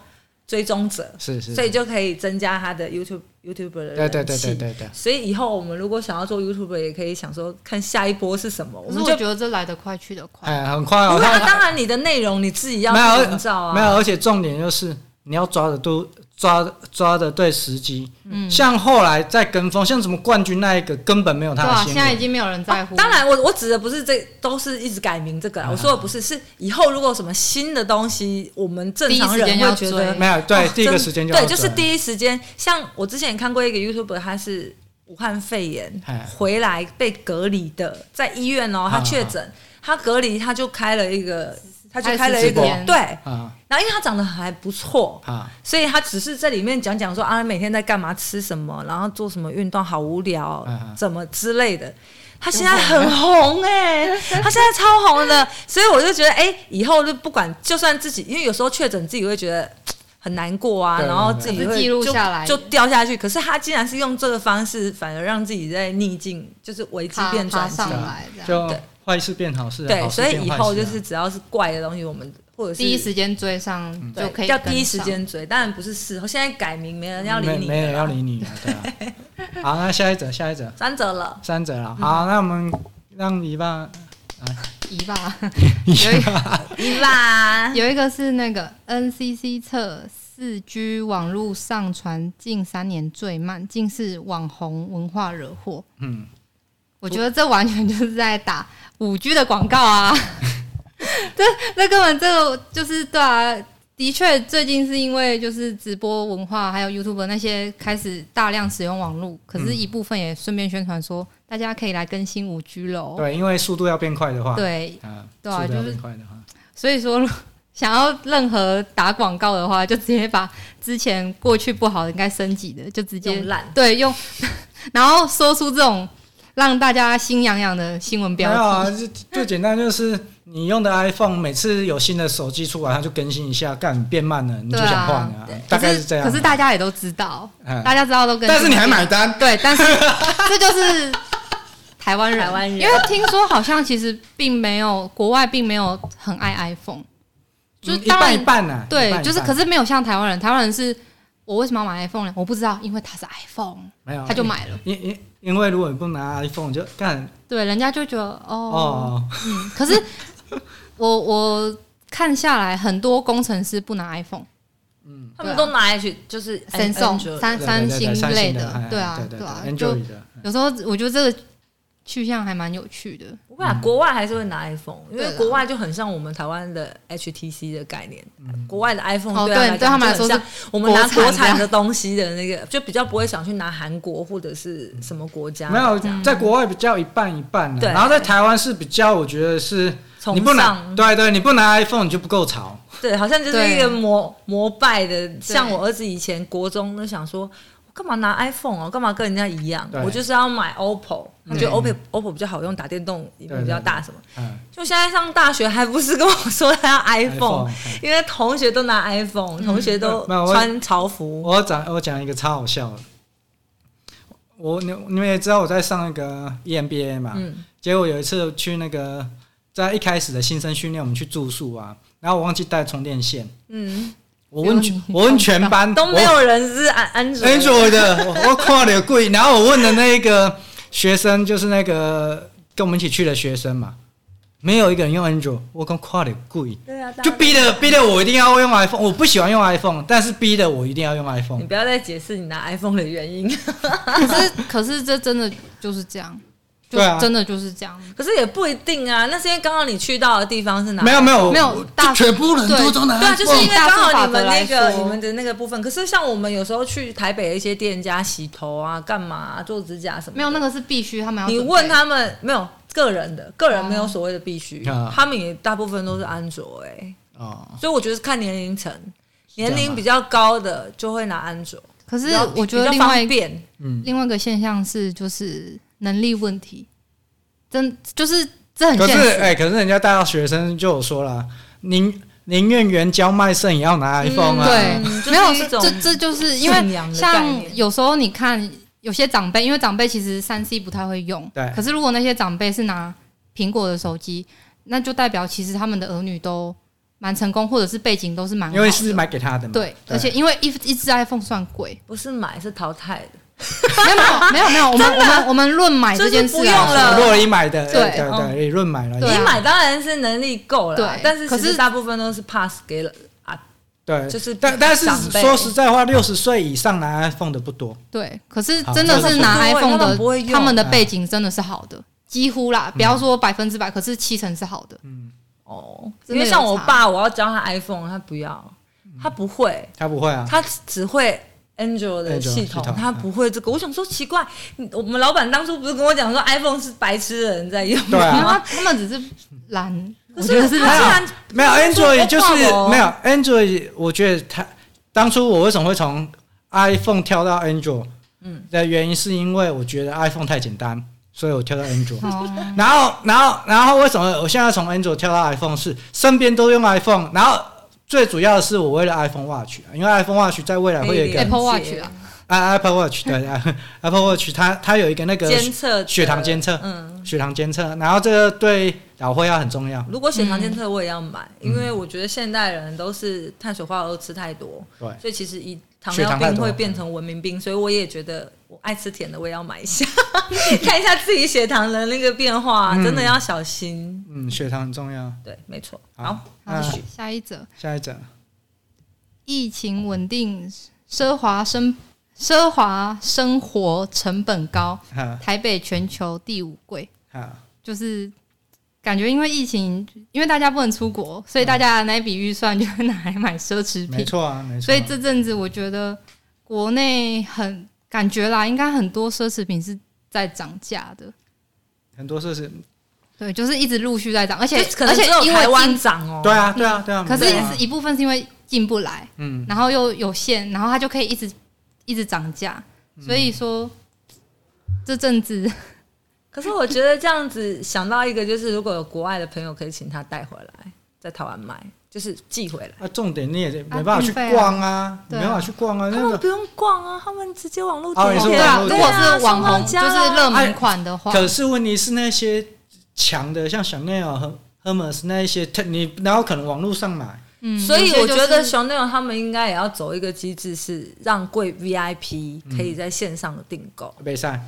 追蹤者？是，是是，所以就可以增加他的 YouTube YouTuber 的人氣。對對對對對、對。所以以後我們如果想要做 YouTuber，也可以想說看下一波是什麼。我們就我覺得這來得快去得快、欸，很快、哦。那、啊啊、當然，你的內容你自己要營造啊沒。沒有，而且重點就是你要抓的都。抓抓的對時機、嗯，像後來再跟風，像什麼冠軍那一個根本沒有他的。對、啊，現在已經沒有人在乎、啊。當然我，我我指的不是這，都是一直改名這個、啊。我說的不是，是以後如果什麼新的東西，我們正常人會覺得要沒有，對，啊、第一個時間就對，就是第一時間。像我之前也看過一個 YouTuber，他是武漢肺炎、啊、回來被隔離的，在醫院哦、喔，他確診、啊啊，他隔離，他就開了一個，他就開了一個，對、啊然、啊、後，因為他長得還不錯啊，所以他只是在裡面講講說啊，每天在幹嘛，吃什麼，然後做什麼運動，好無聊、啊，怎麼之類的。他現在很紅哎、欸，他現在超紅的， 所以我就覺得哎、欸，以後就不管，就算自己，因為有時候確診自己會覺得很難過啊，然後自己會就，記錄下來就掉下去。可是他竟然是用這個方式，反而讓自己在逆境就是危機變轉機，踏上來。對，就壞事變好事，對好事，變壞事、啊。對，所以以後就是只要是怪的東西，我們。或者是第一時間追上就可以，叫第一時間追，當然不是事。我現在改名，沒人要理你，沒人要理你。對啊， 好，那下一則，下一則，三則了，三則了。好、嗯，那我們讓你吧霸有一半，一半，一半，一半，有一個是那個 NCC 測四 G 網絡上傳近三年最慢，竟是網紅文化惹禍。嗯，我覺得這完全就是在打五 G 的廣告啊。 對， 那根本這個就是對啊，的確，最近是因為就是直播文化，還有 YouTube 那些開始大量使用網絡，可是一部分也順便宣傳說，大家可以來更新五 G 嘍。對，因為速度要變快的話，對，啊，對啊，就是快的話，所以說想要任何打廣告的話，就直接把之前過去不好的應該升級的就直接對，用， 然後說出這種讓大家心癢癢的新聞標題、啊，最簡單就是。 你用的 iPhone 每次有新的手機出來，它就更新一下，幹變慢了，你就想換了、啊、大概是這樣。可是，可是大家也都知道，嗯、大家知道都更但是你還買單？對，但是 這就是台灣人， 因為聽說好像其實並沒有國外並沒有很愛 iPhone， 就是一半一半呢、啊。對一半一半，就是可是沒有像台灣人，台灣人是我為什麼要買 iPhone 呢？我不知道，因為它是 iPhone，沒有他就買了。因因因為如果你不拿 iPhone 就幹，對，人家就覺得哦，哦，嗯，可是。 我我看下來，很多工程師不拿 iPhone，嗯，啊、他們都拿 H 就是，嗯、Samsung，三三三星，類的，對對對對，三星的類的，對啊，對、對、對、對、對啊，就有時候我覺得這個去向還蠻有趣的。不會啊，國外還是會拿 iPhone，嗯、因為國外就很像我們台灣的 HTC 的概念，嗯，國外的 iPhone 對啊，哦、對他們來說像我們拿國產的東西的那個， 就比較不會想去拿韓國或者是什麼國家。沒有，在國外比較一半一半，啊，對，然後在台灣是比較，我覺得是。你不拿對對，你不拿 iPhone 你就不夠潮。對，好像就是一個膜膜拜的，像我兒子以前國中都想說，我幹嘛拿 iPhone 哦？幹嘛跟人家一樣？我就是要買 OPPO，、嗯、我覺得 OPPOOPPO OPPO 比較好用，打電動比較大什麼對對對對。嗯，就現在上大學還不是跟我說他要 iPhone，, iPhone、嗯、因為同學都拿 iPhone，、嗯、同學都穿潮服。我,我講我講一個超好笑的，我你你們也知道我在上那個 EMBA 嘛，嗯，結果有一次去那個。在一開始的新生訓練，我們去住宿啊，然後我忘記帶充電線。嗯，我問，我問全班都沒有人是安安卓的， 我跨的也貴。然後我問的那一個學生，就是那個跟我們一起去的學生嘛，沒有一個人用安卓，我跨的也貴。對啊，就逼得逼得我一定要用 iPhone，我不喜歡用 iPhone，但是逼得我一定要用 iPhone。你不要再解釋你拿 iPhone 的原因，可是 可是這真的就是這樣。對真的就是這樣，啊。可是也不一定啊。那是因為剛剛你去到的地方是哪裡？沒有沒有沒有大，就全部安卓中的。對啊，就是因為剛剛你們那個、wow. 你們的那個部分。可是像我們有時候去台北的一些店家洗頭啊、幹嘛、啊、做指甲什麼的，沒有那個是必須，他們要你問他們沒有個人的個人沒有所謂的必須，oh. 他們也大部分都是安卓哎。Oh. 所以我覺得是看年齡層，年齡比較高的就會拿安卓。可是比較我覺得比較方便。嗯，另外一個現象是就是。能力問題，真就是這很現實。哎、欸，可是人家大學生就有說了，寧寧願援交賣腎也要拿 iPhone 啊！嗯、對、嗯就是種，沒有，這這就是因為像有時候你看有些長輩，因為長輩其實三 C 不太會用。對。可是如果那些長輩是拿蘋果的手機，那就代表其實他們的兒女都蠻成功，或者是背景都是蠻好。因為是買給他的嘛。對。對而且因為一一支 iPhone 算貴，不是買是淘汰的。沒有沒有沒有，沒有沒有啊、我們我們我們論買這件事、啊、不用了。如果你買的對、欸，對對對，論、嗯、買了。你、啊、買當然是能力夠了，對。但是大部分都是 pass 給了啊，對。就是但但是說實在話，六十歲以上拿 iPhone 的不多，對。可是真的是拿 iPhone 的，iPhone 的他,們他們的背景真的是好的、嗯，幾乎啦，不要說百分之百，可是七成是好的，嗯哦。因為像我爸，我要教他 iPhone，他不要，他不會，他不會啊，他只會。Android 的系統，他不會這個、嗯。我想說奇怪，我們老闆當初不是跟我講說 iPhone 是白痴的人在用嗎？他們、啊、 只是懶，可是可是。沒有，就沒有，沒有 Android，Android 就是、Apple、沒有 Android、嗯。我覺得他當初我為什麼會從 iPhone 跳到 Android？嗯，的原因是因為我覺得 iPhone 太簡單，所以我跳到 Android。嗯、然後，然後，然後為什麼我現在從 Android 跳到 iPhone 是身邊都用 iPhone，然後。最主要是，我為了 iPhone Watch，因為 iPhone Watch 在未來會有一個 Apple Watch 啊，啊，Apple Watch 對 ，Apple Watch 它它有一個那個監測血糖監測，嗯，血糖監測，然後這個對老會要很重要。如果血糖監測我也要買、嗯，因為我覺得現代人都是碳水化合物吃太多，對、嗯，所以其實一。糖尿病會變成文明病，所以我也覺得我愛吃甜的，我也要買一下，嗯、 看一下自己血糖的那個變化、嗯，真的要小心。嗯，血糖很重要。對，沒錯。好，繼續下一則。下一則，疫情穩定，奢華生奢華生活成本高、啊，台北全球第五貴、啊，就是。感覺因為疫情，因為大家不能出國，所以大家那一筆預算就拿來買奢侈品。沒錯啊，沒錯、啊。所以這陣子我覺得國內很感覺啦，應該很多奢侈品是在漲價的。很多奢侈品，對，就是一直陸續在漲，而且，而且而且有台灣漲、喔、因為進漲哦。對啊，對啊，對啊。嗯、可是也是一部分是因為進不來，嗯，然後又有限，然後它就可以一直一直漲價。所以說，嗯、這陣子。 可是我覺得這樣子想到一個，就是如果有國外的朋友可以請他帶回來，在台灣買，就是寄回來。那、啊、重點你也沒辦法去逛啊，啊沒辦法去逛啊，啊，去逛啊、那個。他們不用逛啊，他們直接網絡訂。啊、哦，對啊，如果是網紅、啊家啊、就是熱門款的話、啊，可是問題是那些強的，像 Chanel 和 Hermès 那一些，你然後可能網絡上買。嗯。所以我覺得 Chanel 他們應該也要走一個機制，是讓貴 VIP 可以在線上的訂購。被、嗯、曬。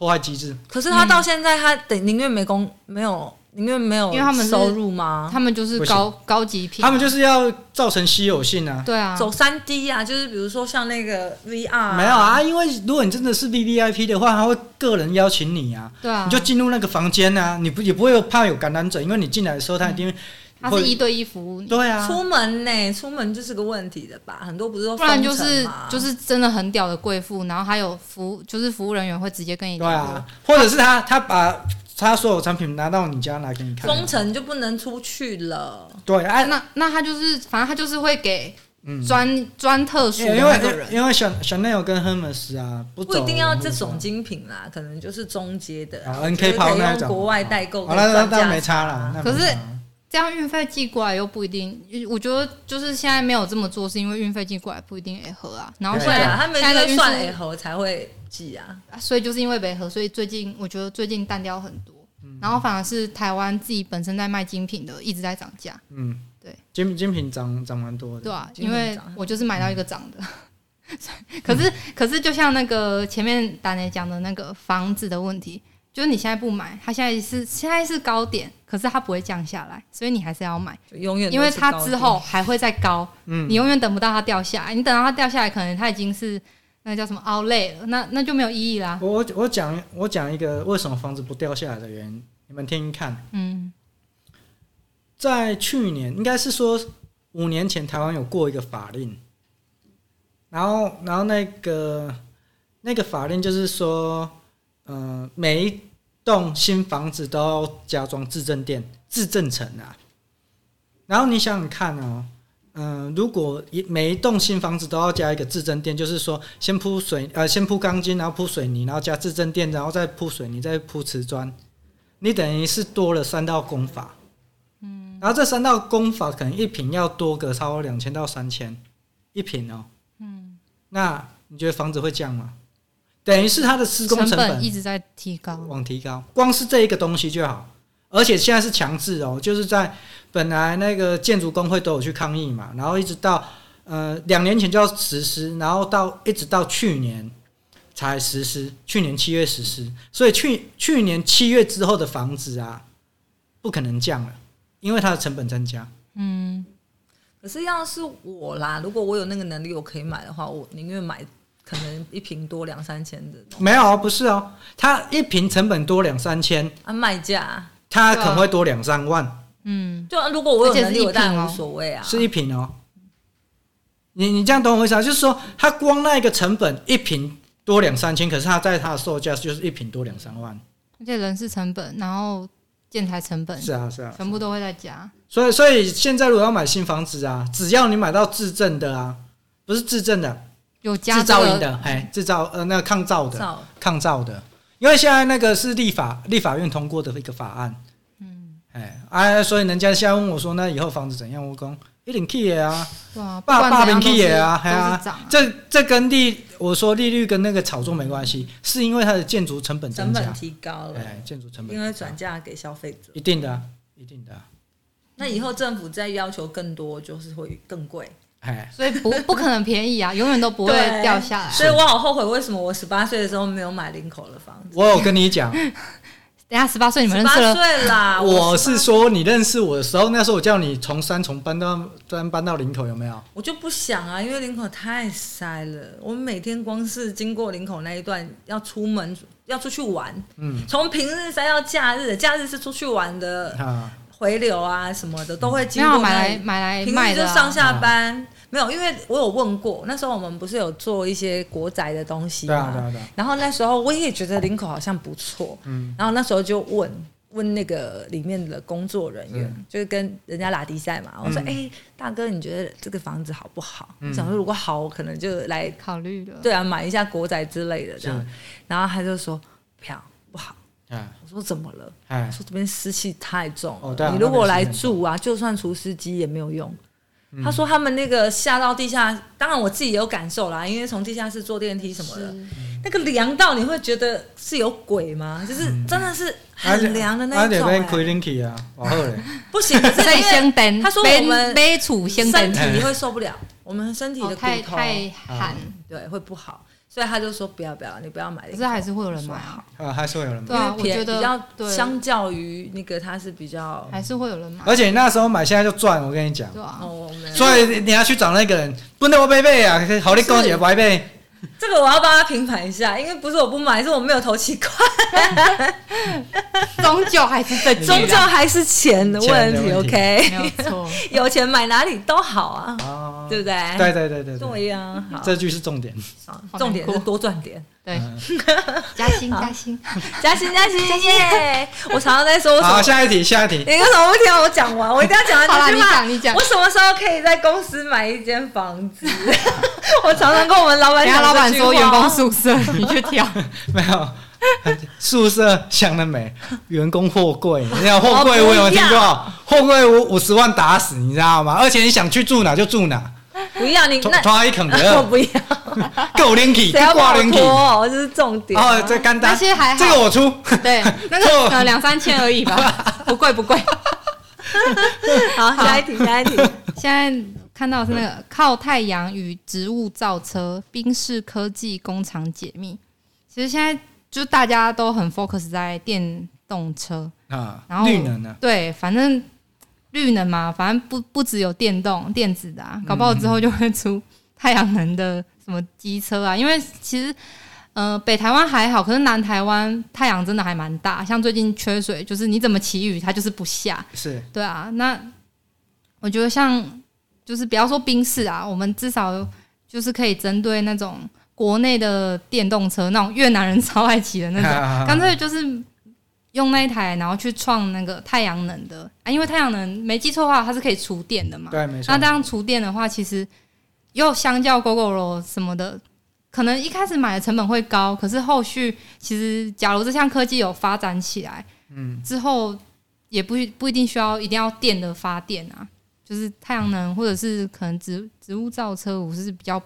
破壞機制，可是他到現在他得寧願沒工，沒有寧願沒有，因為他們收入嘛，他們就是高高級品，他們就是要造成稀有性啊！嗯、對啊，走三 D 啊，就是比如說像那個 VR、啊、沒有啊，因為如果你真的是 VVIP 的話，他會個人邀請你啊，對啊，你就進入那個房間啊，你不也不會怕有感染者，因為你進來的時候他因為、嗯。他是一對一服務，對啊，出門呢、欸，出門就是個問題的吧，很多不是說，不然就是就是真的很屌的貴婦，然後還有服就是服務人員會直接跟你、啊、對啊，或者是他、啊、他把他所有產品拿到你家來給你看、啊，封城就不能出去了，對，哎、啊，那那他就是反正他就是會給專專、嗯、特殊的人因為因為 Chanel 跟 Hermes 啊不，不一定要這種精品啦、啊，可能就是中階的，你、啊、可、啊、以跑到國外代購、啊，好、啊、了，那當然沒差了，可是。這樣運費寄過來又不一定，我覺得就是現在沒有這麼做，是因為運費寄過來不一定會合啊。對啊，他們應該算會合才會寄啊。所以就是因為不合，所以最近我覺得最近淡掉很多。然後反而是台灣自己本身在賣精品的一直在漲價。嗯，對。精精品漲漲蠻多的。對啊，因為我就是買到一個漲的。可是可是，就像那個前面丹姐講的那個房子的問題。就是你現在不買，它現在是現在是高點，可是它不會降下來，所以你還是要買，永遠因為它之後還會再高， 嗯、你永遠等不到它掉下來，你等到它掉下來，可能它已經是那叫什麼凹淚了，那那就沒有意義啦。我我講我講一個為什麼房子不掉下來的原因，你們聽聽看。嗯，在去年應該是說五年前台灣有過一個法令，然後然後那個那個法令就是說。嗯、呃，每一棟新房子都要加裝制震墊，制震層啊，然後你想想看哦，嗯、呃，如果一每一棟新房子都要加一個制震墊，就是說先鋪水，呃，先鋪鋼筋，然後鋪水泥，然後加制震墊，然後再鋪水泥，再鋪瓷磚，你等於是多了三道工法。嗯，然後這三道工法可能一坪要多個超過兩千到三千一坪哦。嗯，那你覺得房子會降嗎？等於是它的施工成本一直在提高，往提高。光是這一個東西就好，而且現在是強制哦，就是在本來那個建築工會都有去抗議嘛，然後一直到呃兩年前就要實施，然後到一直到去年才實施，去年七月實施，所以去去年七月之後的房子啊，不可能降了，因為它的成本增加。嗯，可是要是我啦，如果我有那個能力，我可以買的話，我寧願買。可能一坪多兩三千的沒有、哦、不是哦，它一坪成本多兩三千啊，賣價、啊、它可能會多兩三萬、啊，嗯，就如果我有能力，但、哦、無所謂啊，是一坪哦。你你這樣懂我意思啊，就是說，它光那一個成本一坪多兩三千，可是它在它的售價就是一坪多兩三萬。而且人事成本，然後建材成本，是啊是啊，全部都會再加。啊啊、所以所以現在如果要買新房子啊，只要你買到自證的啊，不是自證的。有加噪音的，哎，製、嗯、造呃，那個抗噪的，抗噪的，因為現在那個是立法立法院通過的一個法案，嗯，哎，啊、哎，所以人家現在問我說，那以後房子怎樣？我講，一領屁野啊，霸霸領屁野啊，哎呀，這這跟利我說利率跟那個炒作沒關係，是因為它的建築成本增加，成本提高了，哎，建築成本因為轉嫁給消費者，一定的，一定的、嗯，那以後政府再要求更多，就是會更貴。 所以不不可能便宜啊，永遠都不會掉下來。所以我好後悔，為什麼我十八歲的時候沒有買林口的房子？我有跟你講，等下十八歲你們認識了。十八歲啦，我18歲，我是說你認識我的時候，那時候我叫你從三重搬到搬搬到林口，有沒有？我就不想啊，因為林口太塞了。我們每天光是經過林口那一段，要出門要出去玩，嗯，從平日塞到假日，假日是出去玩的，嗯。回流啊什麼的都會經過買來買來，平時就上下班、啊、沒有，因為我有問過，那時候我們不是有做一些國宅的東西嘛、啊啊啊，然後那時候我也覺得林口好像不錯，嗯。然後那時候就問問那個裡面的工作人員，是就是跟人家拉迪賽嘛，我說哎、嗯、大哥，你覺得這個房子好不好？嗯、想說如果好，我可能就來考慮的。對啊，買一下國宅之類的這樣。然後他就說不要不好。哎、我說怎麼了？哎、說這邊濕氣太重、哦對啊，你如果來住啊，就算除濕機也沒有用、嗯。他說他們那個下到地下，當然我自己有感受啦，因為從地下室坐電梯什麼的，那個涼到你會覺得是有鬼嗎？嗯、就是真的是很涼的那種、欸。啊、那 不行，因為他說我們北楚身體會受不了，我們身體的骨頭、哦、太，太寒、哎，對，會不好。所以他就說不要不要，你不要買。可是還是會有人買啊，呃、啊、還是會有人買。對、啊、我覺得比較相較於那個他是比較還是會有人買。而且那時候買現在就賺，我跟你講。對啊，我們。所以你要去找那個人，不那麼貝貝啊，好的高姐白背。這個我要幫他評判一下，因為不是我不買，是我沒有投七塊。終 究還是終 究還是錢的問題，錢的問題，OK？有， 有錢買哪裡都好啊。Oh. 對不對？對對對對，對，這句是重點，哦，重點是多賺點。對，哦嗯，加薪加薪加薪，加薪，加，薪，加，薪，加，薪加薪，耶！加薪我常常在說，說。好，下一題，下一題。你為什麼不聽、啊、我講完？我一定要講完。句 話你講，你講。我什麼時候可以在公司買一間房子？ 我常常跟我們老板講，老板說，員工宿舍，你去挑。沒有宿舍，想得美。員工貨櫃，你知道貨櫃我有沒有聽過？貨櫃我五十萬打死，你知道嗎？而且你想去住哪就住哪。呃呃不要你那，夠、啊、不要夠冷氣，還要掛冷氣哦，這是重點哦。這簡單還，這個我出。 對，那個可能兩 三千而已吧， 不貴不貴。 好，下一題，下一題。現在看到是那個靠太陽與植物造車，冰室科技工廠解密。其實現在就大家都很 focus 在電動車啊，然後、啊、對，反正。綠能嘛，反正不不只有電動電子的、啊，搞不好之後就會出太陽能的什麼機車啊。因為其實，呃，北台灣還好，可是南台灣太陽真的還蠻大。像最近缺水，就是你怎麼祈雨它就是不下。是，對啊。那我覺得像就是不要說賓士啊，我們至少就是可以針對那種國內的電動車，那種越南人超愛騎的那種，乾 脆就是。用那一台，然後去創那個太陽能的啊，因為太陽能沒記錯的話，它是可以儲電的嘛。對，沒錯。那這樣儲電的話，其實又相較 Google -Go 什麼的，可能一開始買的成本會高，可是後續其實，假如這項科技有發展起來，嗯，之後也不不一定需要一定要電的發電啊，就是太陽能、嗯、或者是可能植植物造車，我是比較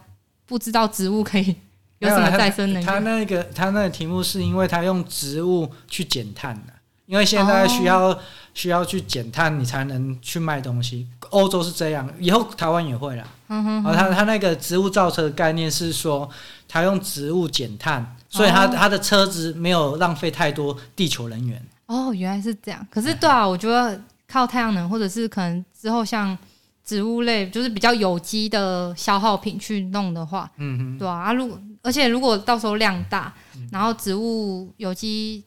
不知道植物可以、嗯。沒有什麼再生能源，他那個他那個題目是因為他用植物去減碳的，因為現在需要、哦、需要去減碳，你才能去賣東西。歐洲是這樣，以後臺灣也會啦。嗯哼、嗯，啊，他他那個植物造車的概念是說，他用植物減碳，所以他、哦、他的車子沒有浪費太多地球能源。哦，原來是這樣。可是對啊，嗯、我覺得靠太陽能，或者是可能之後像植物類，就是比較有機的消耗品去弄的話，嗯哼，對啊，如果而且，如果到時候量大，然後植物有機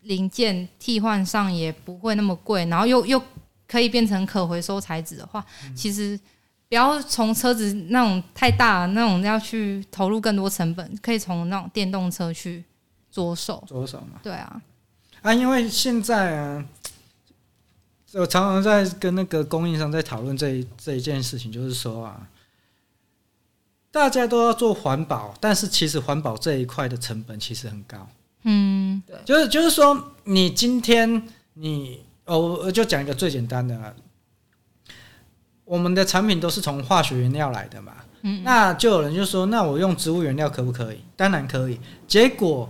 零件替換上也不會那麼貴，然後又又可以變成可回收材質的話，嗯、其實不要從車子那種太大那種要去投入更多成本，可以從那種電動車去着手着手嘛。對啊，啊，因為現在啊，我常常在跟那個供應商在討論這一這一件事情，就是說啊。大家都要做環保，但是其實環保這一塊的成本其實很高。嗯，對，就是就是說，你今天你哦，我就講一個最簡單的，我們的產品都是從化學原料來的嘛。嗯，嗯，那就有人就說，那我用植物原料可不可以？當然可以。結果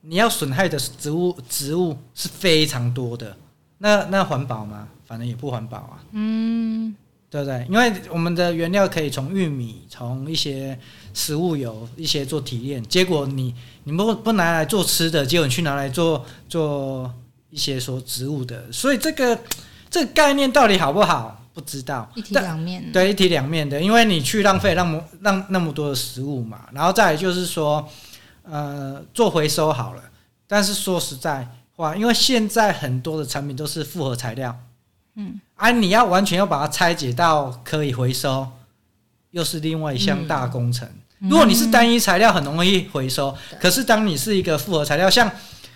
你要損害的植物植物是非常多的，那那環保嗎？反正也不環保啊。嗯。對不對？因為我們的原料可以從玉米，從一些食物油，一些做提煉，結果你你不不拿來做吃的，結果你去拿來做做一些說植物的，所以這個這個概念到底好不好？不知道。一體兩面。對，一體兩面的，因為你去浪費那麼讓那麼多的食物嘛，然後再就是說，呃，做回收好了，但是說實在話，因為現在很多的產品都是複合材料。嗯，啊，你要完全要把它拆解到可以回收，又是另外一項大工程，嗯。如果你是單一材料，很容易回收。嗯，可是當你是一個複合材料，像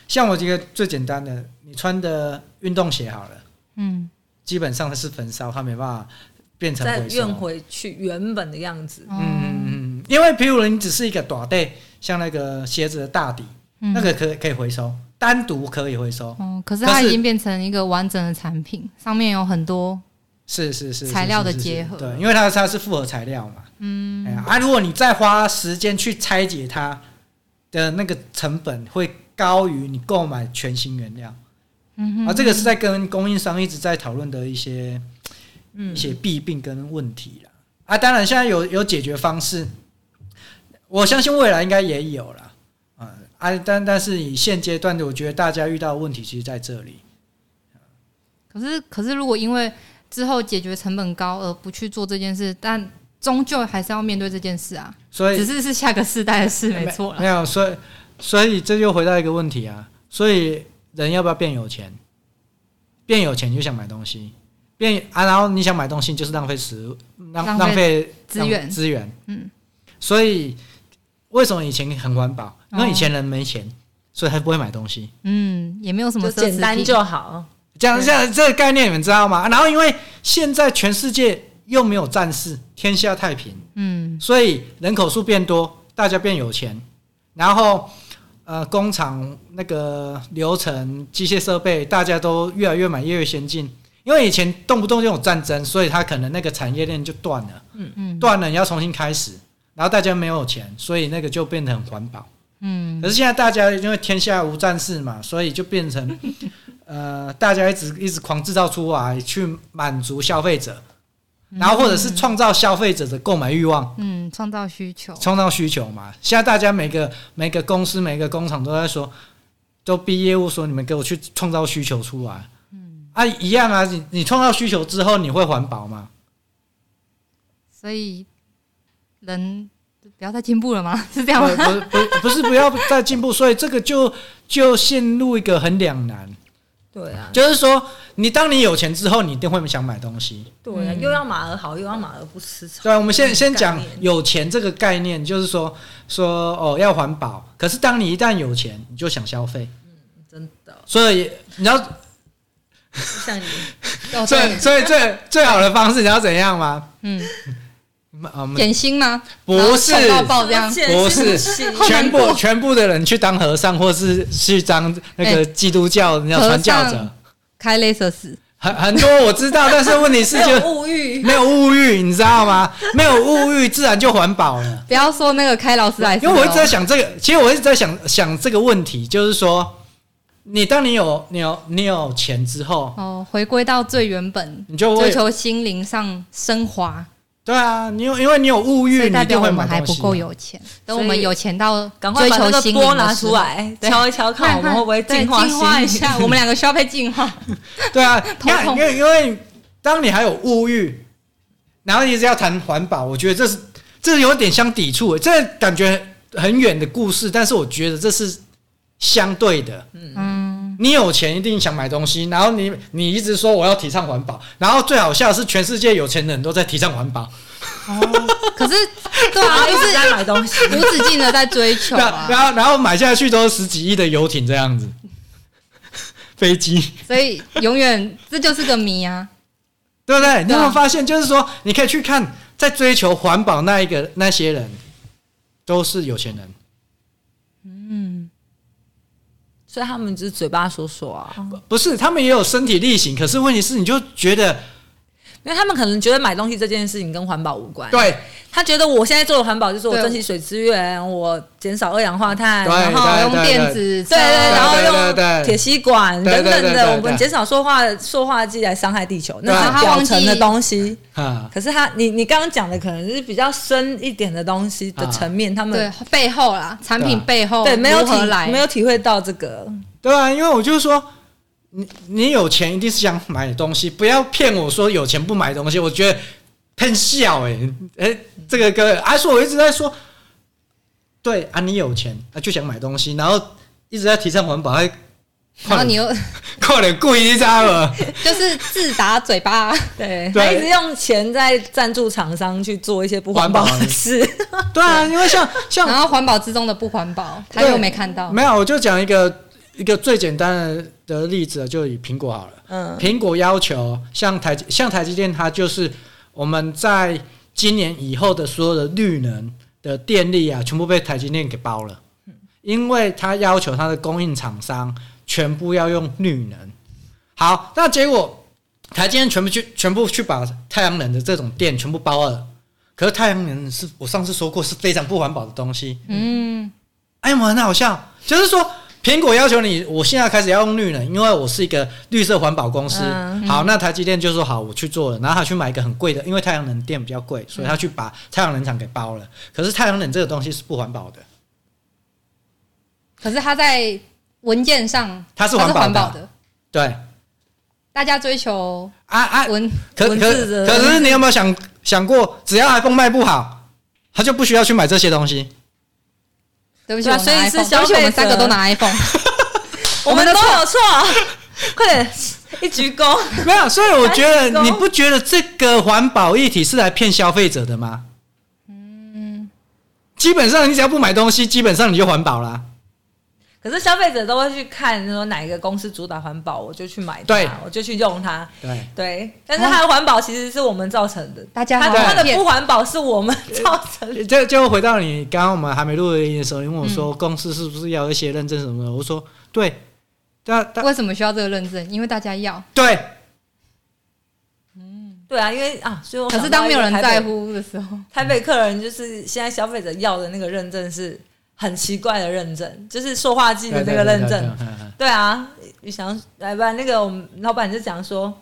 像我這個最簡單的，你穿的運動鞋好了，嗯，基本上它是焚燒，它沒辦法變成再運回去原本的樣子。嗯嗯嗯，因為譬如你只是一個短的，像那個鞋子的大底，嗯，那個可可以回收。單獨可以回收，哦，可是它已經變成一個完整的產品，上面有很多是是是材料的結合，是是是是是是對，因為它它是複合材料嘛，嗯，啊，如果你再花時間去拆解它的那個成本，會高於你購買全新原料，嗯哼哼，啊，這個是在跟供應商一直在討論的一些、嗯、一些弊病跟問題啊，當然現在有有解決方式，我相信未來應該也有了。啊，但但是以現階段的，我覺得大家遇到的問題其實在這裡。可是，可是如果因為之後解決成本高而不去做這件事，但終究還是要面對這件事啊。所以只是是下個世代的事，沒錯。沒有，所以所以這又回到一個問題啊。所以人要不要變有錢？變有錢就想買東西，變啊，然後你想買東西就是浪費時，浪浪費資源資源。嗯。所以為什麼以前很環保？嗯因為以前人沒錢，所以他不會買東西。嗯，也沒有什麼簡單就好。講一下這個概念，你們知道嗎？然後，因為現在全世界又沒有戰事，天下太平。嗯，所以人口數變多，大家變有錢。然後，呃，工廠那個流程、機械設備，大家都越來越買，越來越先進。因為以前動不動就有戰爭，所以它可能那個產業鏈就斷了。嗯嗯，斷了，你要重新開始。然後大家沒有錢，所以那個就變得很環保。嗯，可是現在大家因為天下無戰事嘛，所以就變成， 呃，大家一直一直狂製造出來去滿足消費者，然後或者是創造消費者的購買欲望，嗯，創造需求，創造需求嘛。現在大家每個每個公司每個工廠都在說，都逼業務說你們給我去創造需求出來，嗯，啊，一樣啊，你你創造需求之後你會環保嗎？所以人。不要再進步了嗎？是這樣嗎？不不是，不是不要再進步， 所以這個就就陷入一個很兩難。對啊，就是說你當你有錢之後，你一定會想買東西。對啊，嗯、又要馬兒好，又要馬兒不吃。對啊，我們先先講有錢這個概念，就是說說哦要環保，可是當你一旦有錢，你就想消費。嗯，真的。所以你要， 所以所以最最好的方式你要怎樣嗎？ 嗯。點心嗎？不是，全部全部的人去當和尚，或是去當那個基督教人家、欸、傳教者，開雷瑟斯。很很多。我知道， 但是問題是就，就物欲沒有物欲， 你知道嗎？沒有物欲，自然就環保了。不要說那個開勞斯萊斯，因為我一直在想這個。其實我一直在想想這個問題，就是說，你當你有你有你有錢之後，哦，回歸到最原本，你就追求心靈上昇華。對啊，你有因為你有物欲，你就會，我們還不夠有錢，等我們有錢到的，趕快把那個缽拿出來，瞧一瞧看我們會不會淨化，淨化一下， 我們兩個消費淨化。 對啊，因為因為當你還有物欲，然後一直要談環保，我覺得這是這是有點相抵觸，欸，這感覺很遠的故事，但是我覺得這是相對的，嗯。你有錢一定想買東西，然後你你一直說我要提倡環保，然後最好笑是全世界有錢人都在提倡環保。哦，啊，可是對啊，就是在買東西，無 止境的在追求啊，然後然後買下去都是十幾億的遊艇這樣子，飛機。所以永遠這就是個謎啊，對不對？對啊。你有沒有發現，就是說你可以去看，在追求環保那一個那些人都是有錢人。所以他們只是嘴巴說說啊，嗯、不是，他們也有身體力行。可是問題是，你就覺得。因為他們可能覺得買東西這件事情跟環保無關，對，他覺得我現在做的環保就是我珍惜水資源，我減少二氧化碳，然後用電子，對對，對，對，對，對，對對，然後用鐵吸管等等的，我們減少塑化，塑化劑來傷害地球，那是表層的東西。啊、可是他，你你剛剛講的可能就是比較深一點的東西的層面，啊，他們對背後啦，產品背後對，對，沒有體，沒有體會到這個，對啊，因為我就是說。你你有錢一定是想買東西，不要騙我說有錢不買東西，我覺得騙笑。哎、欸、哎、欸，這個哥還是我一直在說，對啊，你有錢啊就想買東西，然後一直在提倡環保，還然後你又快點跪一下了， 就是自打嘴巴，對，對他一直用錢在贊助廠商去做一些不環保的事，啊 對啊，因為像像然後環保之中的不環保他又沒看到，沒有，我就講一個。一個最簡單的的例子，就以蘋果好了。嗯，蘋果要求像台像台積電，它就是我們在今年以後的所有的綠能的電力啊，全部被台積電給包了。因為它要求它的供應廠商全部要用綠能。好，那結果台積電全部去全部去把太陽能的這種電全部包了。可是太陽能是我上次說過是非常不環保的東西。嗯，嗯哎呀，我很好笑，就是說。蘋果要求你，我現在開始要用綠能，因為我是一個綠色環保公司，嗯。好，那台積電就說好，我去做了。然後他去買一個很貴的，因為太陽能電比較貴，所以他去把太陽能廠給包了。可是太陽能這個東西是不環保的，可是他在文件上他是環保、保的，對，大家追求啊啊可可文可可，可是你有沒有想想過，只要 iPhone 賣不好，他就不需要去買這些東西。對不起我拿 iPhone, 對、啊，所以是消費者我們三個都拿 iPhone， 我們都有錯， 快點一鞠躬。沒有，所以我覺得你不覺得這個環保議題是來騙消費者的嗎？嗯，基本上你只要不買東西，基本上你就環保了、啊。可是消費者都會去看，說哪一個公司主打環保，我就去買它，對，我就去用它。對對，但是它的環保其實是我們造成的，大家它，它的不環保是我們造成的。就就回到你剛剛我們還沒錄的音的時候，你問我說、嗯、公司是不是要一些認證什麼的，我說對，對，為什麼需要這個認證？因為大家要。對，嗯，對啊，因為啊，所以我可是當沒有人在乎的時候，台北，台北客人就是現在消費者要的那個認證是。很奇怪的認證，就是塑化劑的這個認證，對，對，對，對啊，雨、嗯、翔、啊、來吧，那個我們老闆就講說，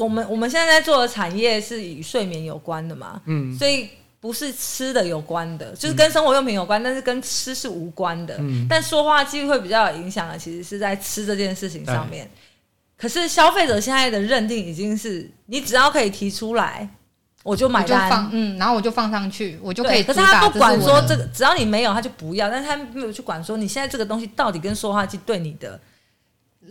我們我們現在在做的產業是與睡眠有關的嘛，嗯，所以不是吃的有關的，就是跟生活用品有關，嗯、但是跟吃是無關的，嗯、但塑化劑會比較有影響的，其實是在吃這件事情上面，可是消費者現在的認定已經是，你只要可以提出來。我就買我就放，嗯，然後我就放上去，我就可以。可是他不管說這個，這只要你沒有，他就不要，但是他沒有去管說你現在這個東西到底跟說話機對你的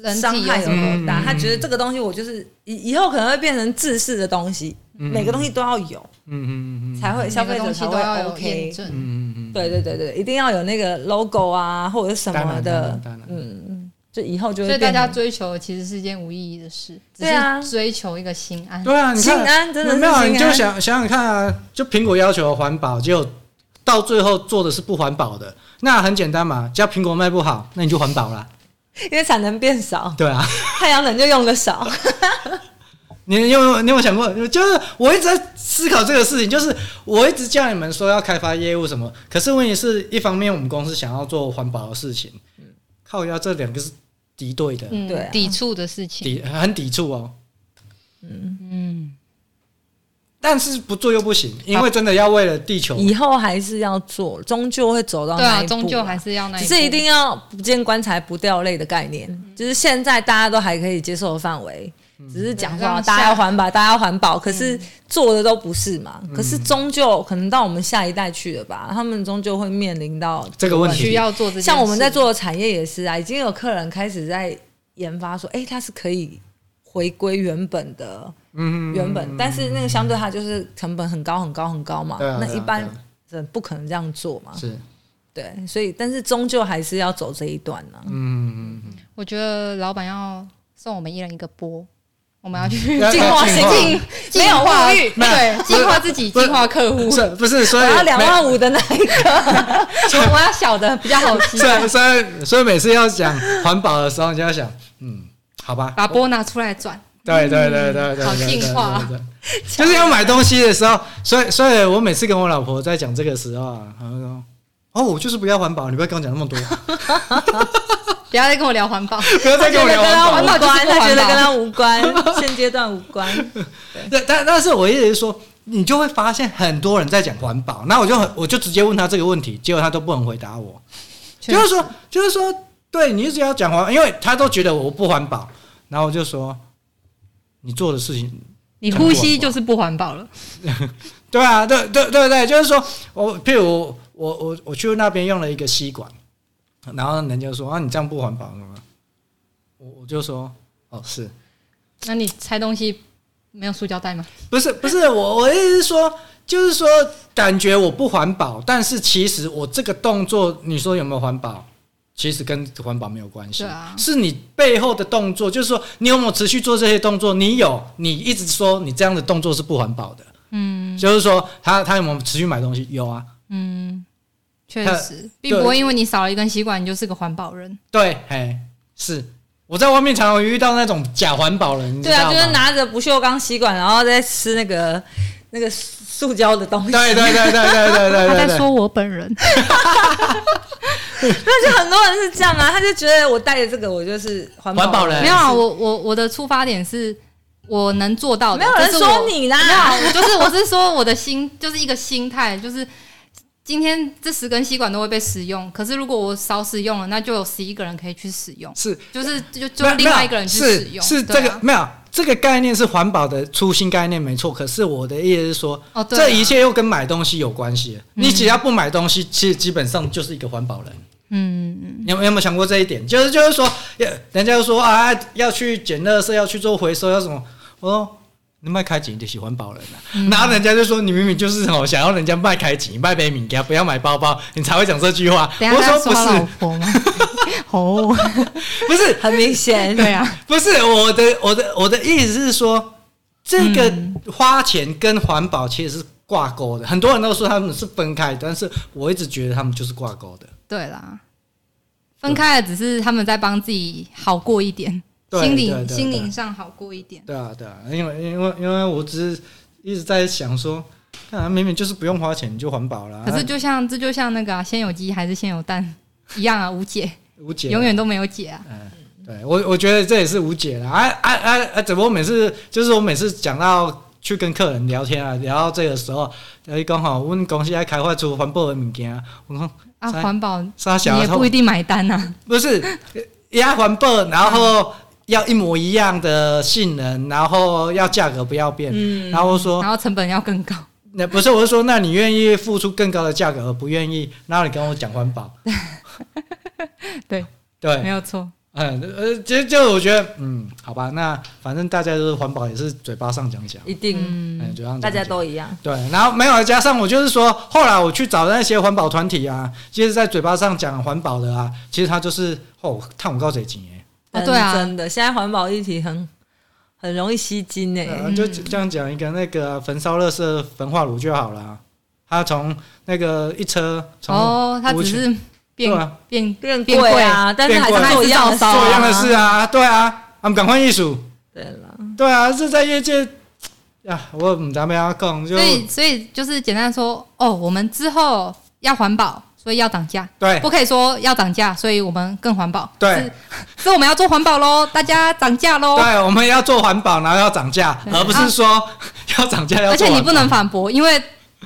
傷害有多大有。他覺得這個東西我就是以以後可能會變成制式的東西，嗯，每個東西都要有，嗯嗯嗯，才會消費者才會 OK，嗯嗯嗯，對對對對，一定要有那個 logo 啊或者什麼的，嗯。這以後就會，所以大家追求其實是一件無意義的事。對啊，追求一個心安。對啊，你心安真的心安你沒有，你就想想想看啊，就蘋果要求環保，結果到最後做的是不環保的。那很簡單嘛，只要蘋果賣不好，那你就環保啦，因為產能變少。對啊，太陽能就用得少 你有沒有。你有有你有想過？就是我一直在思考這個事情，就是我一直叫你們說要開發業務什麼，可是問題是一方面，我們公司想要做環保的事情。靠壓這兩個是敵對的，嗯、對、啊，抵觸的事情，抵很抵觸哦。嗯嗯，但是不做又不行，因為真的要為了地球，以後還是要做，終究會走到那一步，啊，對啊，終究還是要那，只是一定要不見棺材不掉淚的概念，嗯，就是現在大家都還可以接受的範圍。只是講說大家要環保，大家要環保，可是做的都不是嘛。嗯、可是終究可能到我們下一代去了吧，他們終究會面臨到這個問題，需要做這些。像我們在做的產業也是啊，已經有客人開始在研發說，哎、欸，它是可以回歸原本的，原本、嗯。但是那個相對它就是成本很高很高很高嘛、嗯啊，那一般人不可能這樣做嘛。是，對，所以但是終究還是要走這一段呢、啊嗯嗯嗯。嗯，我覺得老板要送我們一人一個波。我們要去進化，化，進沒有話語對，進化自己，進化客戶，不是，所以然後兩萬五的那一個 所以，我要小的比較好騎。所以，所以，所以每次要講環保的時候，你就要想，嗯，好吧，把波拿出來轉。對對對對對，對，對對對對對，好進化，就是要買東西的時候，所以，所以我每次跟我老婆在講這個時候，她說：“哦，我就是不要環保，你不要跟我講那麼多。” 不要再跟我聊環保，不要再跟我聊環保，他他保，他覺得跟他無關， 現階段無關。對，但但是我意思是說，你就會發現很多人在講環保，那我就很我就直接問他這個問題，結果他都不能回答我，就是說就是說，對你一直要講環，因為他都覺得我不環保，然後我就說，你做的事情，你呼吸就是不環保了。 對啊，對對對對，就是說我，譬如我我我，我去那邊用了一個吸管。然後人家說啊，你這樣不環保嗎？我我就說哦是。那你拆東西沒有塑膠袋嗎？不是不是，不是我我意思是說，就是說感覺我不環保，但是其實我這個動作，你說有沒有環保？其實跟環保沒有關係。是啊。是你背後的動作，就是說你有沒有持續做這些動作？你有，你一直說你這樣的動作是不環保的。嗯。就是說他，他他有沒有持續買東西？有啊。嗯。確實，並不會因為你少了一根吸管，你就是個環保人。對，哎，是我在外面常常遇到那種假環保人。對啊，就是拿着不銹鋼吸管，然後再吃那個那個塑膠的東西。對對對對對對，他在說我本人， 那就很多人是這樣啊，他就覺得我帶的這個，我就是環保、保人。沒有、啊、我我我的出發點是我能做到的。沒有人說你啦、 沒有啊，就是我是說我的心就是一個心態，就是。今天這十根吸管都會被使用，可是如果我少使用了，那就有十一個人可以去使用。是，就是就就另外一個人去使用。是，是這個、啊、沒有這個概念是環保的初心概念沒錯。可是我的意思是說，哦啊、這一切又跟買東西有關係、嗯。你只要不買東西，其實基本上就是一個環保人。嗯嗯嗯。有有沒有想過這一點？就是就是說，人家說啊，要去撿垃圾，要去做回收，要什麼？我說。你賣開吉就喜、是、歡保人啊，然後人家就說，你明明就是哦，想要人家賣開吉，買杯米給他，不要買包包，你才會講這句話。說，我說不是說，吼 不是很明顯對啊，不是我的我的我的意思是說，這個花錢跟環保其實是掛鈎的、嗯。很多人都說他們是分開，但是我一直覺得他們就是掛鈎的。對啦，分開了只是他們在幫自己好過一點。心靈心靈上好過一點。對，對，對，對啊對啊，因為因為因為我只是一直在想說，看來明明就是不用花錢就環保了。可是就像這就像那個、啊、先有雞還是先有蛋一樣啊，無解無解、啊，永遠都沒有解啊。嗯、哎，對我我覺得這也是無解的、啊。啊啊啊，怎、啊、麼每次就是我每次講到去跟客人聊天啊，聊到這個時候，哎剛好問公司要開發出環保的東西啊，我說啊環保，你也不一定買單吶、啊啊。不是，也要環保，然後。要一模一樣的性能，然後要價格不要變，嗯、然後說，然後成本要更高。那、呃、不是，我是說，那你願意付出更高的價格，而不願意？然後你跟我講環保， 對對，沒有錯。嗯，呃，其實就我覺得，嗯，好吧，那反正大家都是環保，也是嘴巴上講講，一定，嗯，嘴上講講大家都一樣。對，然後沒有了加上我，就是說，後來我去找的那些環保團體啊，其實，在嘴巴上講環保的啊，其實他就是哦，看我五高水井啊、哦，對啊、嗯，真的，現在環保議題很很容易吸睛誒、呃。就這樣講一個那個焚燒垃圾、焚化爐就好了，它從那個一車從哦，它只是變、啊、變變貴啊變，但是還做一樣做、啊、一樣的事啊，對啊，他們趕快藝術。對啊，這在業界呀、啊，我唔知咩要講，所以所以就是簡單說哦，我們之後要環保。所以要漲價，對，不可以說要漲價，所以我們更環保，對，就是，我們要做環保嘍，大家漲價嘍，對，我們要做環保，然後要漲價，而不是說、啊、要漲價要做環保，而且你不能反駁，因為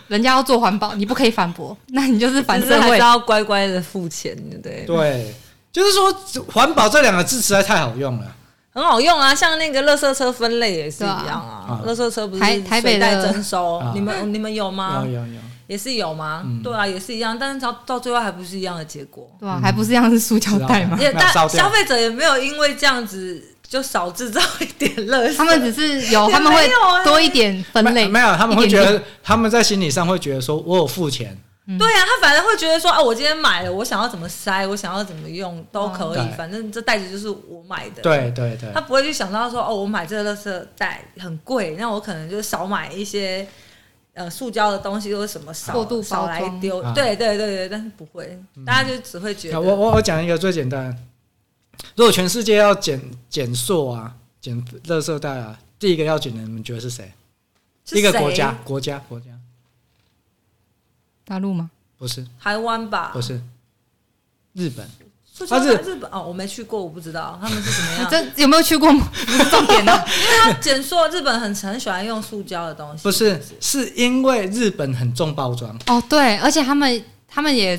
人家要做環保，你不可以反駁， 那你就是反正還是要乖乖的付錢，對對，就是說環保這兩個字實在太好用了，很好用啊，像那個垃圾車分類也是一樣啊，啊啊啊垃圾車不是台北在徵收，你們你們有嗎？有有有。也是有嗎、嗯？對啊，也是一樣，但是到到最後還不是一樣的結果，對吧、啊嗯？還不是一樣是塑膠袋嗎？也，但消費者也沒有因為這樣子就少製造一點垃圾，他們只是有，有，他們會多一點分類。沒有，他們會覺得他們在心理上會覺得說，我有付錢、嗯。對啊，他反正會覺得說，哦、啊，我今天買了，我想要怎麼塞，我想要怎麼用都可以、啊，反正這袋子就是我買的。對對對，他不會去想到說，哦，我買這個垃圾袋很貴，那我可能就少買一些。呃、塑膠的東西都是什麼少過度，少來丟？對、啊、對對對，但是不會，嗯、大家就只會覺得。啊、我我我講一個最簡單的，如果全世界要減減塑啊，減垃圾袋啊，第一個要緊的人，你們覺得是誰？是第一個國家？國家？國家？大陸嗎？不是。台灣吧？不是。日本。塑料？日本哦，我沒去過，我不知道他們是怎麼樣。這有沒有去過？ 不重點呢、啊？ 因為他簡說，日本很很喜歡用塑膠的東西不。不是，是因為日本很重包裝。哦，對，而且他們他們也。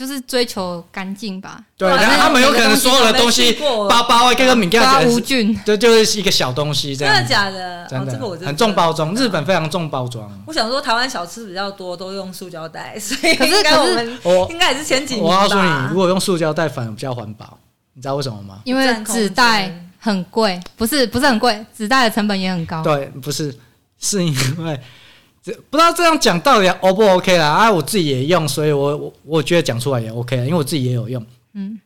就是追求乾淨吧，對，然、啊、後他們有可能所有的東西，包包，這個敏感點，對，就是一個小東西這樣，真的假的？真的，哦、這個我真的很重包裝，日本非常重包裝。我想說，台灣小吃比較多，都用塑膠袋，所以應該我們我應該也是前幾年。我告訴你，如果用塑膠袋反而比較環保，你知道為什麼嗎？因為紙袋很貴，不是不是很貴？紙袋的成本也很高，對，不是是因為。這不知道這樣講到底 O 不 OK 啦啊！我自己也用，所以我我我覺得講出來也 OK 了，因為我自己也有用。嗯，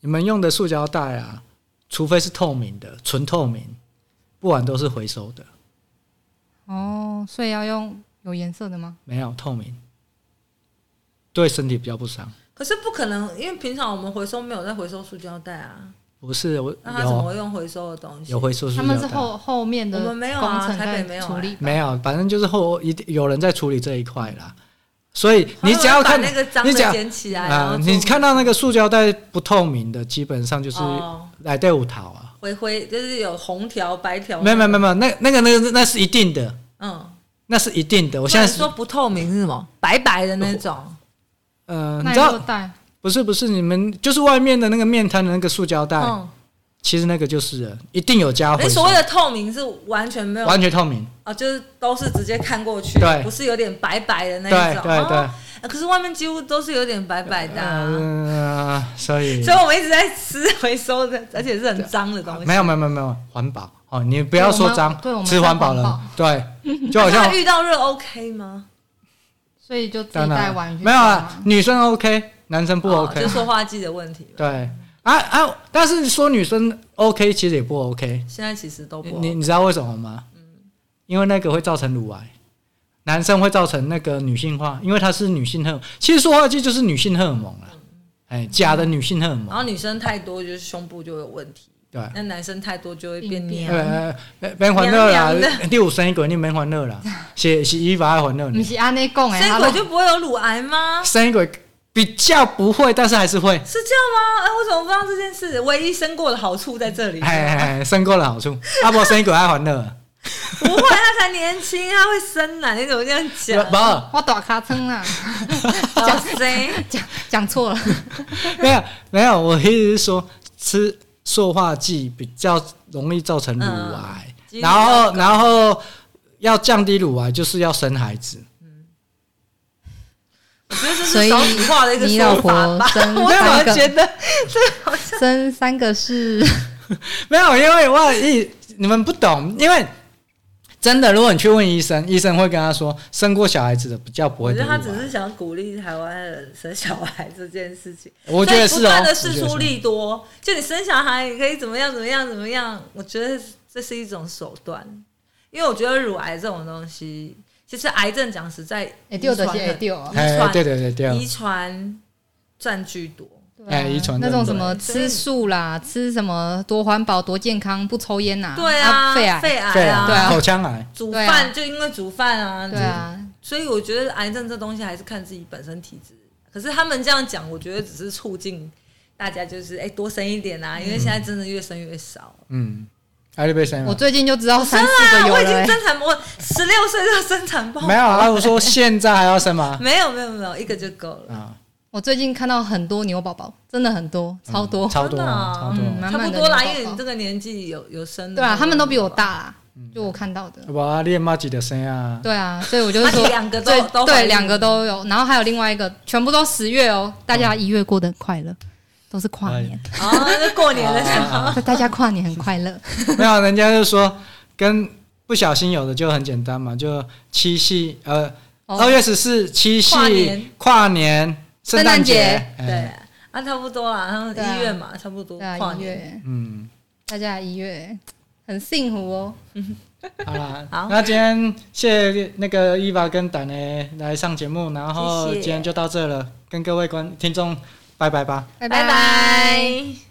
你們用的塑膠袋啊，除非是透明的、純透明，不然都是回收的。哦，所以要用有顏色的嗎？沒有，透明，對身體比較不傷。可是不可能，因為平常我們回收沒有在回收塑膠袋啊。不是我，那他怎麼用回收的東西？有回收塑料，他們是後後面的，我們沒有啊，台北沒有，欸處理，沒有，反正就是後一定有人在處理這一塊啦。所以你只要看那個，你撿起來，你看到那個塑膠袋不透明的，基本上就是來廢物淘啊、哦。灰灰就是有紅條白條，沒有沒有沒有，那那個那個那是一定的，嗯，那是一定的。我現在不說不透明是什麼？白白的那種，嗯、呃，你知道？不是不是，你們就是外面的那個麵攤的那個塑膠袋、嗯，其實那個就是，人，一定有加。你所謂的透明是完全沒有，完全透明啊、哦，就是都是直接看過去對，不是有點白白的那一種。對對，對、哦、可是外面幾乎都是有點白白的、啊。嗯、呃，所以。所以我們一直在吃回收的，而且是很髒的東西。啊、沒有沒有沒有沒有環保哦，你不要說髒，吃環保了，保了 對，就好像、啊、遇到熱 OK 嗎？所以就自帶碗。沒有啊，女生 OK。男生不 OK，啊哦、就塑化劑的問題。對，啊啊！但是說女生 OK，其實也不 OK。現在其實都不、OK 你。你你知道為什麼嗎？嗯，因為那個會造成乳癌，男生會造成那個女性化，因為他是女性荷，其實塑化劑就是女性荷爾蒙了。哎、嗯嗯欸，假的女性荷爾蒙。嗯、然後女生太多，就是胸部就有問題。對。那、嗯、男生太多就會變娘。對，哎，變歡樂了。第五神鬼你沒歡樂了，洗洗衣服還歡樂。是你是安內講哎，生鬼就不會有乳癌嗎？神鬼。比較不會，但是還是會。是這樣嗎？哎、啊，我怎麼不知道這件事？唯一生過的好處在這裡。哎哎哎，生過的好處，阿、啊、婆生一個愛歡樂。 不會，他才年輕，他會生吶、啊。你怎麼這樣講？媽，我打卡稱了，講誰？講講錯了。沒有、沒有， 講 沒、有沒有，我一直是說，吃塑化劑比較容易造成乳癌，嗯、然後然後要降低乳癌，就是要生孩子。只是隨意畫的一個說法吧。我突然覺得，這生三個是沒有，因為我是你們不懂，因為真的，如果你去問醫生，醫生會跟他說，生過小孩子的比較不會。我覺得他只是想鼓勵台灣人生小孩這件事情。我覺得是啊，不斷的事出力多，就你生小孩也可以怎麼樣怎麼樣怎麼樣。我覺得這是一種手段，因為我覺得乳癌這種東西。其實癌症講實在，遺傳遺傳傳多，啊，哎，丟的些，哎，對對對，丟，遺傳佔據多，哎，遺傳那種什麼吃素啦，吃什麼多環保多健康，不抽煙吶，啊，對啊，肺啊，肺癌啊，對啊，口腔癌，啊，煮飯就因為煮飯啊，啊，對啊，所以我覺得癌症這東西還是看自己本身體質。可是他們這樣講，我覺得只是促進大家就是哎、欸、多生一點啊，因為現在真的越生越少，嗯。嗯愛麗貝我最近就知道生了，我已經生產，我十六歲就生產寶寶、欸。沒有、啊啊，我說現在還要生嗎？ 沒？沒有，沒有，沒有，一個就夠了、嗯。我最近看到很多牛寶寶，真的很多，超多，嗯超、多啊、超多，超、嗯、多，差不多啦，因為你這個年紀有有生的。對啊，他們都比我大啦、嗯，就我看到的。哇、啊，你麻吉的生啊？對啊，所以我就是說，兩個都、都對，兩個都有，然後還有另外一個，全部都十月哦，大家一月過得快樂。都是跨年啊、哎，是、哦、過年的時候。 哦哦哦、 大家跨年很快樂。沒有，人家就說跟不小心有的就很簡單嘛，就七夕，呃，二、哦、月十四七夕、跨年、跨年、聖誕節，對、嗯、啊，差不多啊，一月嘛，差不多，對啊、跨年一嗯，大家一月很幸福哦。 好了，那今天謝，謝那個伊娃跟 Danny 來上節目，然後今天就到這了，謝謝，跟各位觀聽眾。拜拜吧，拜拜。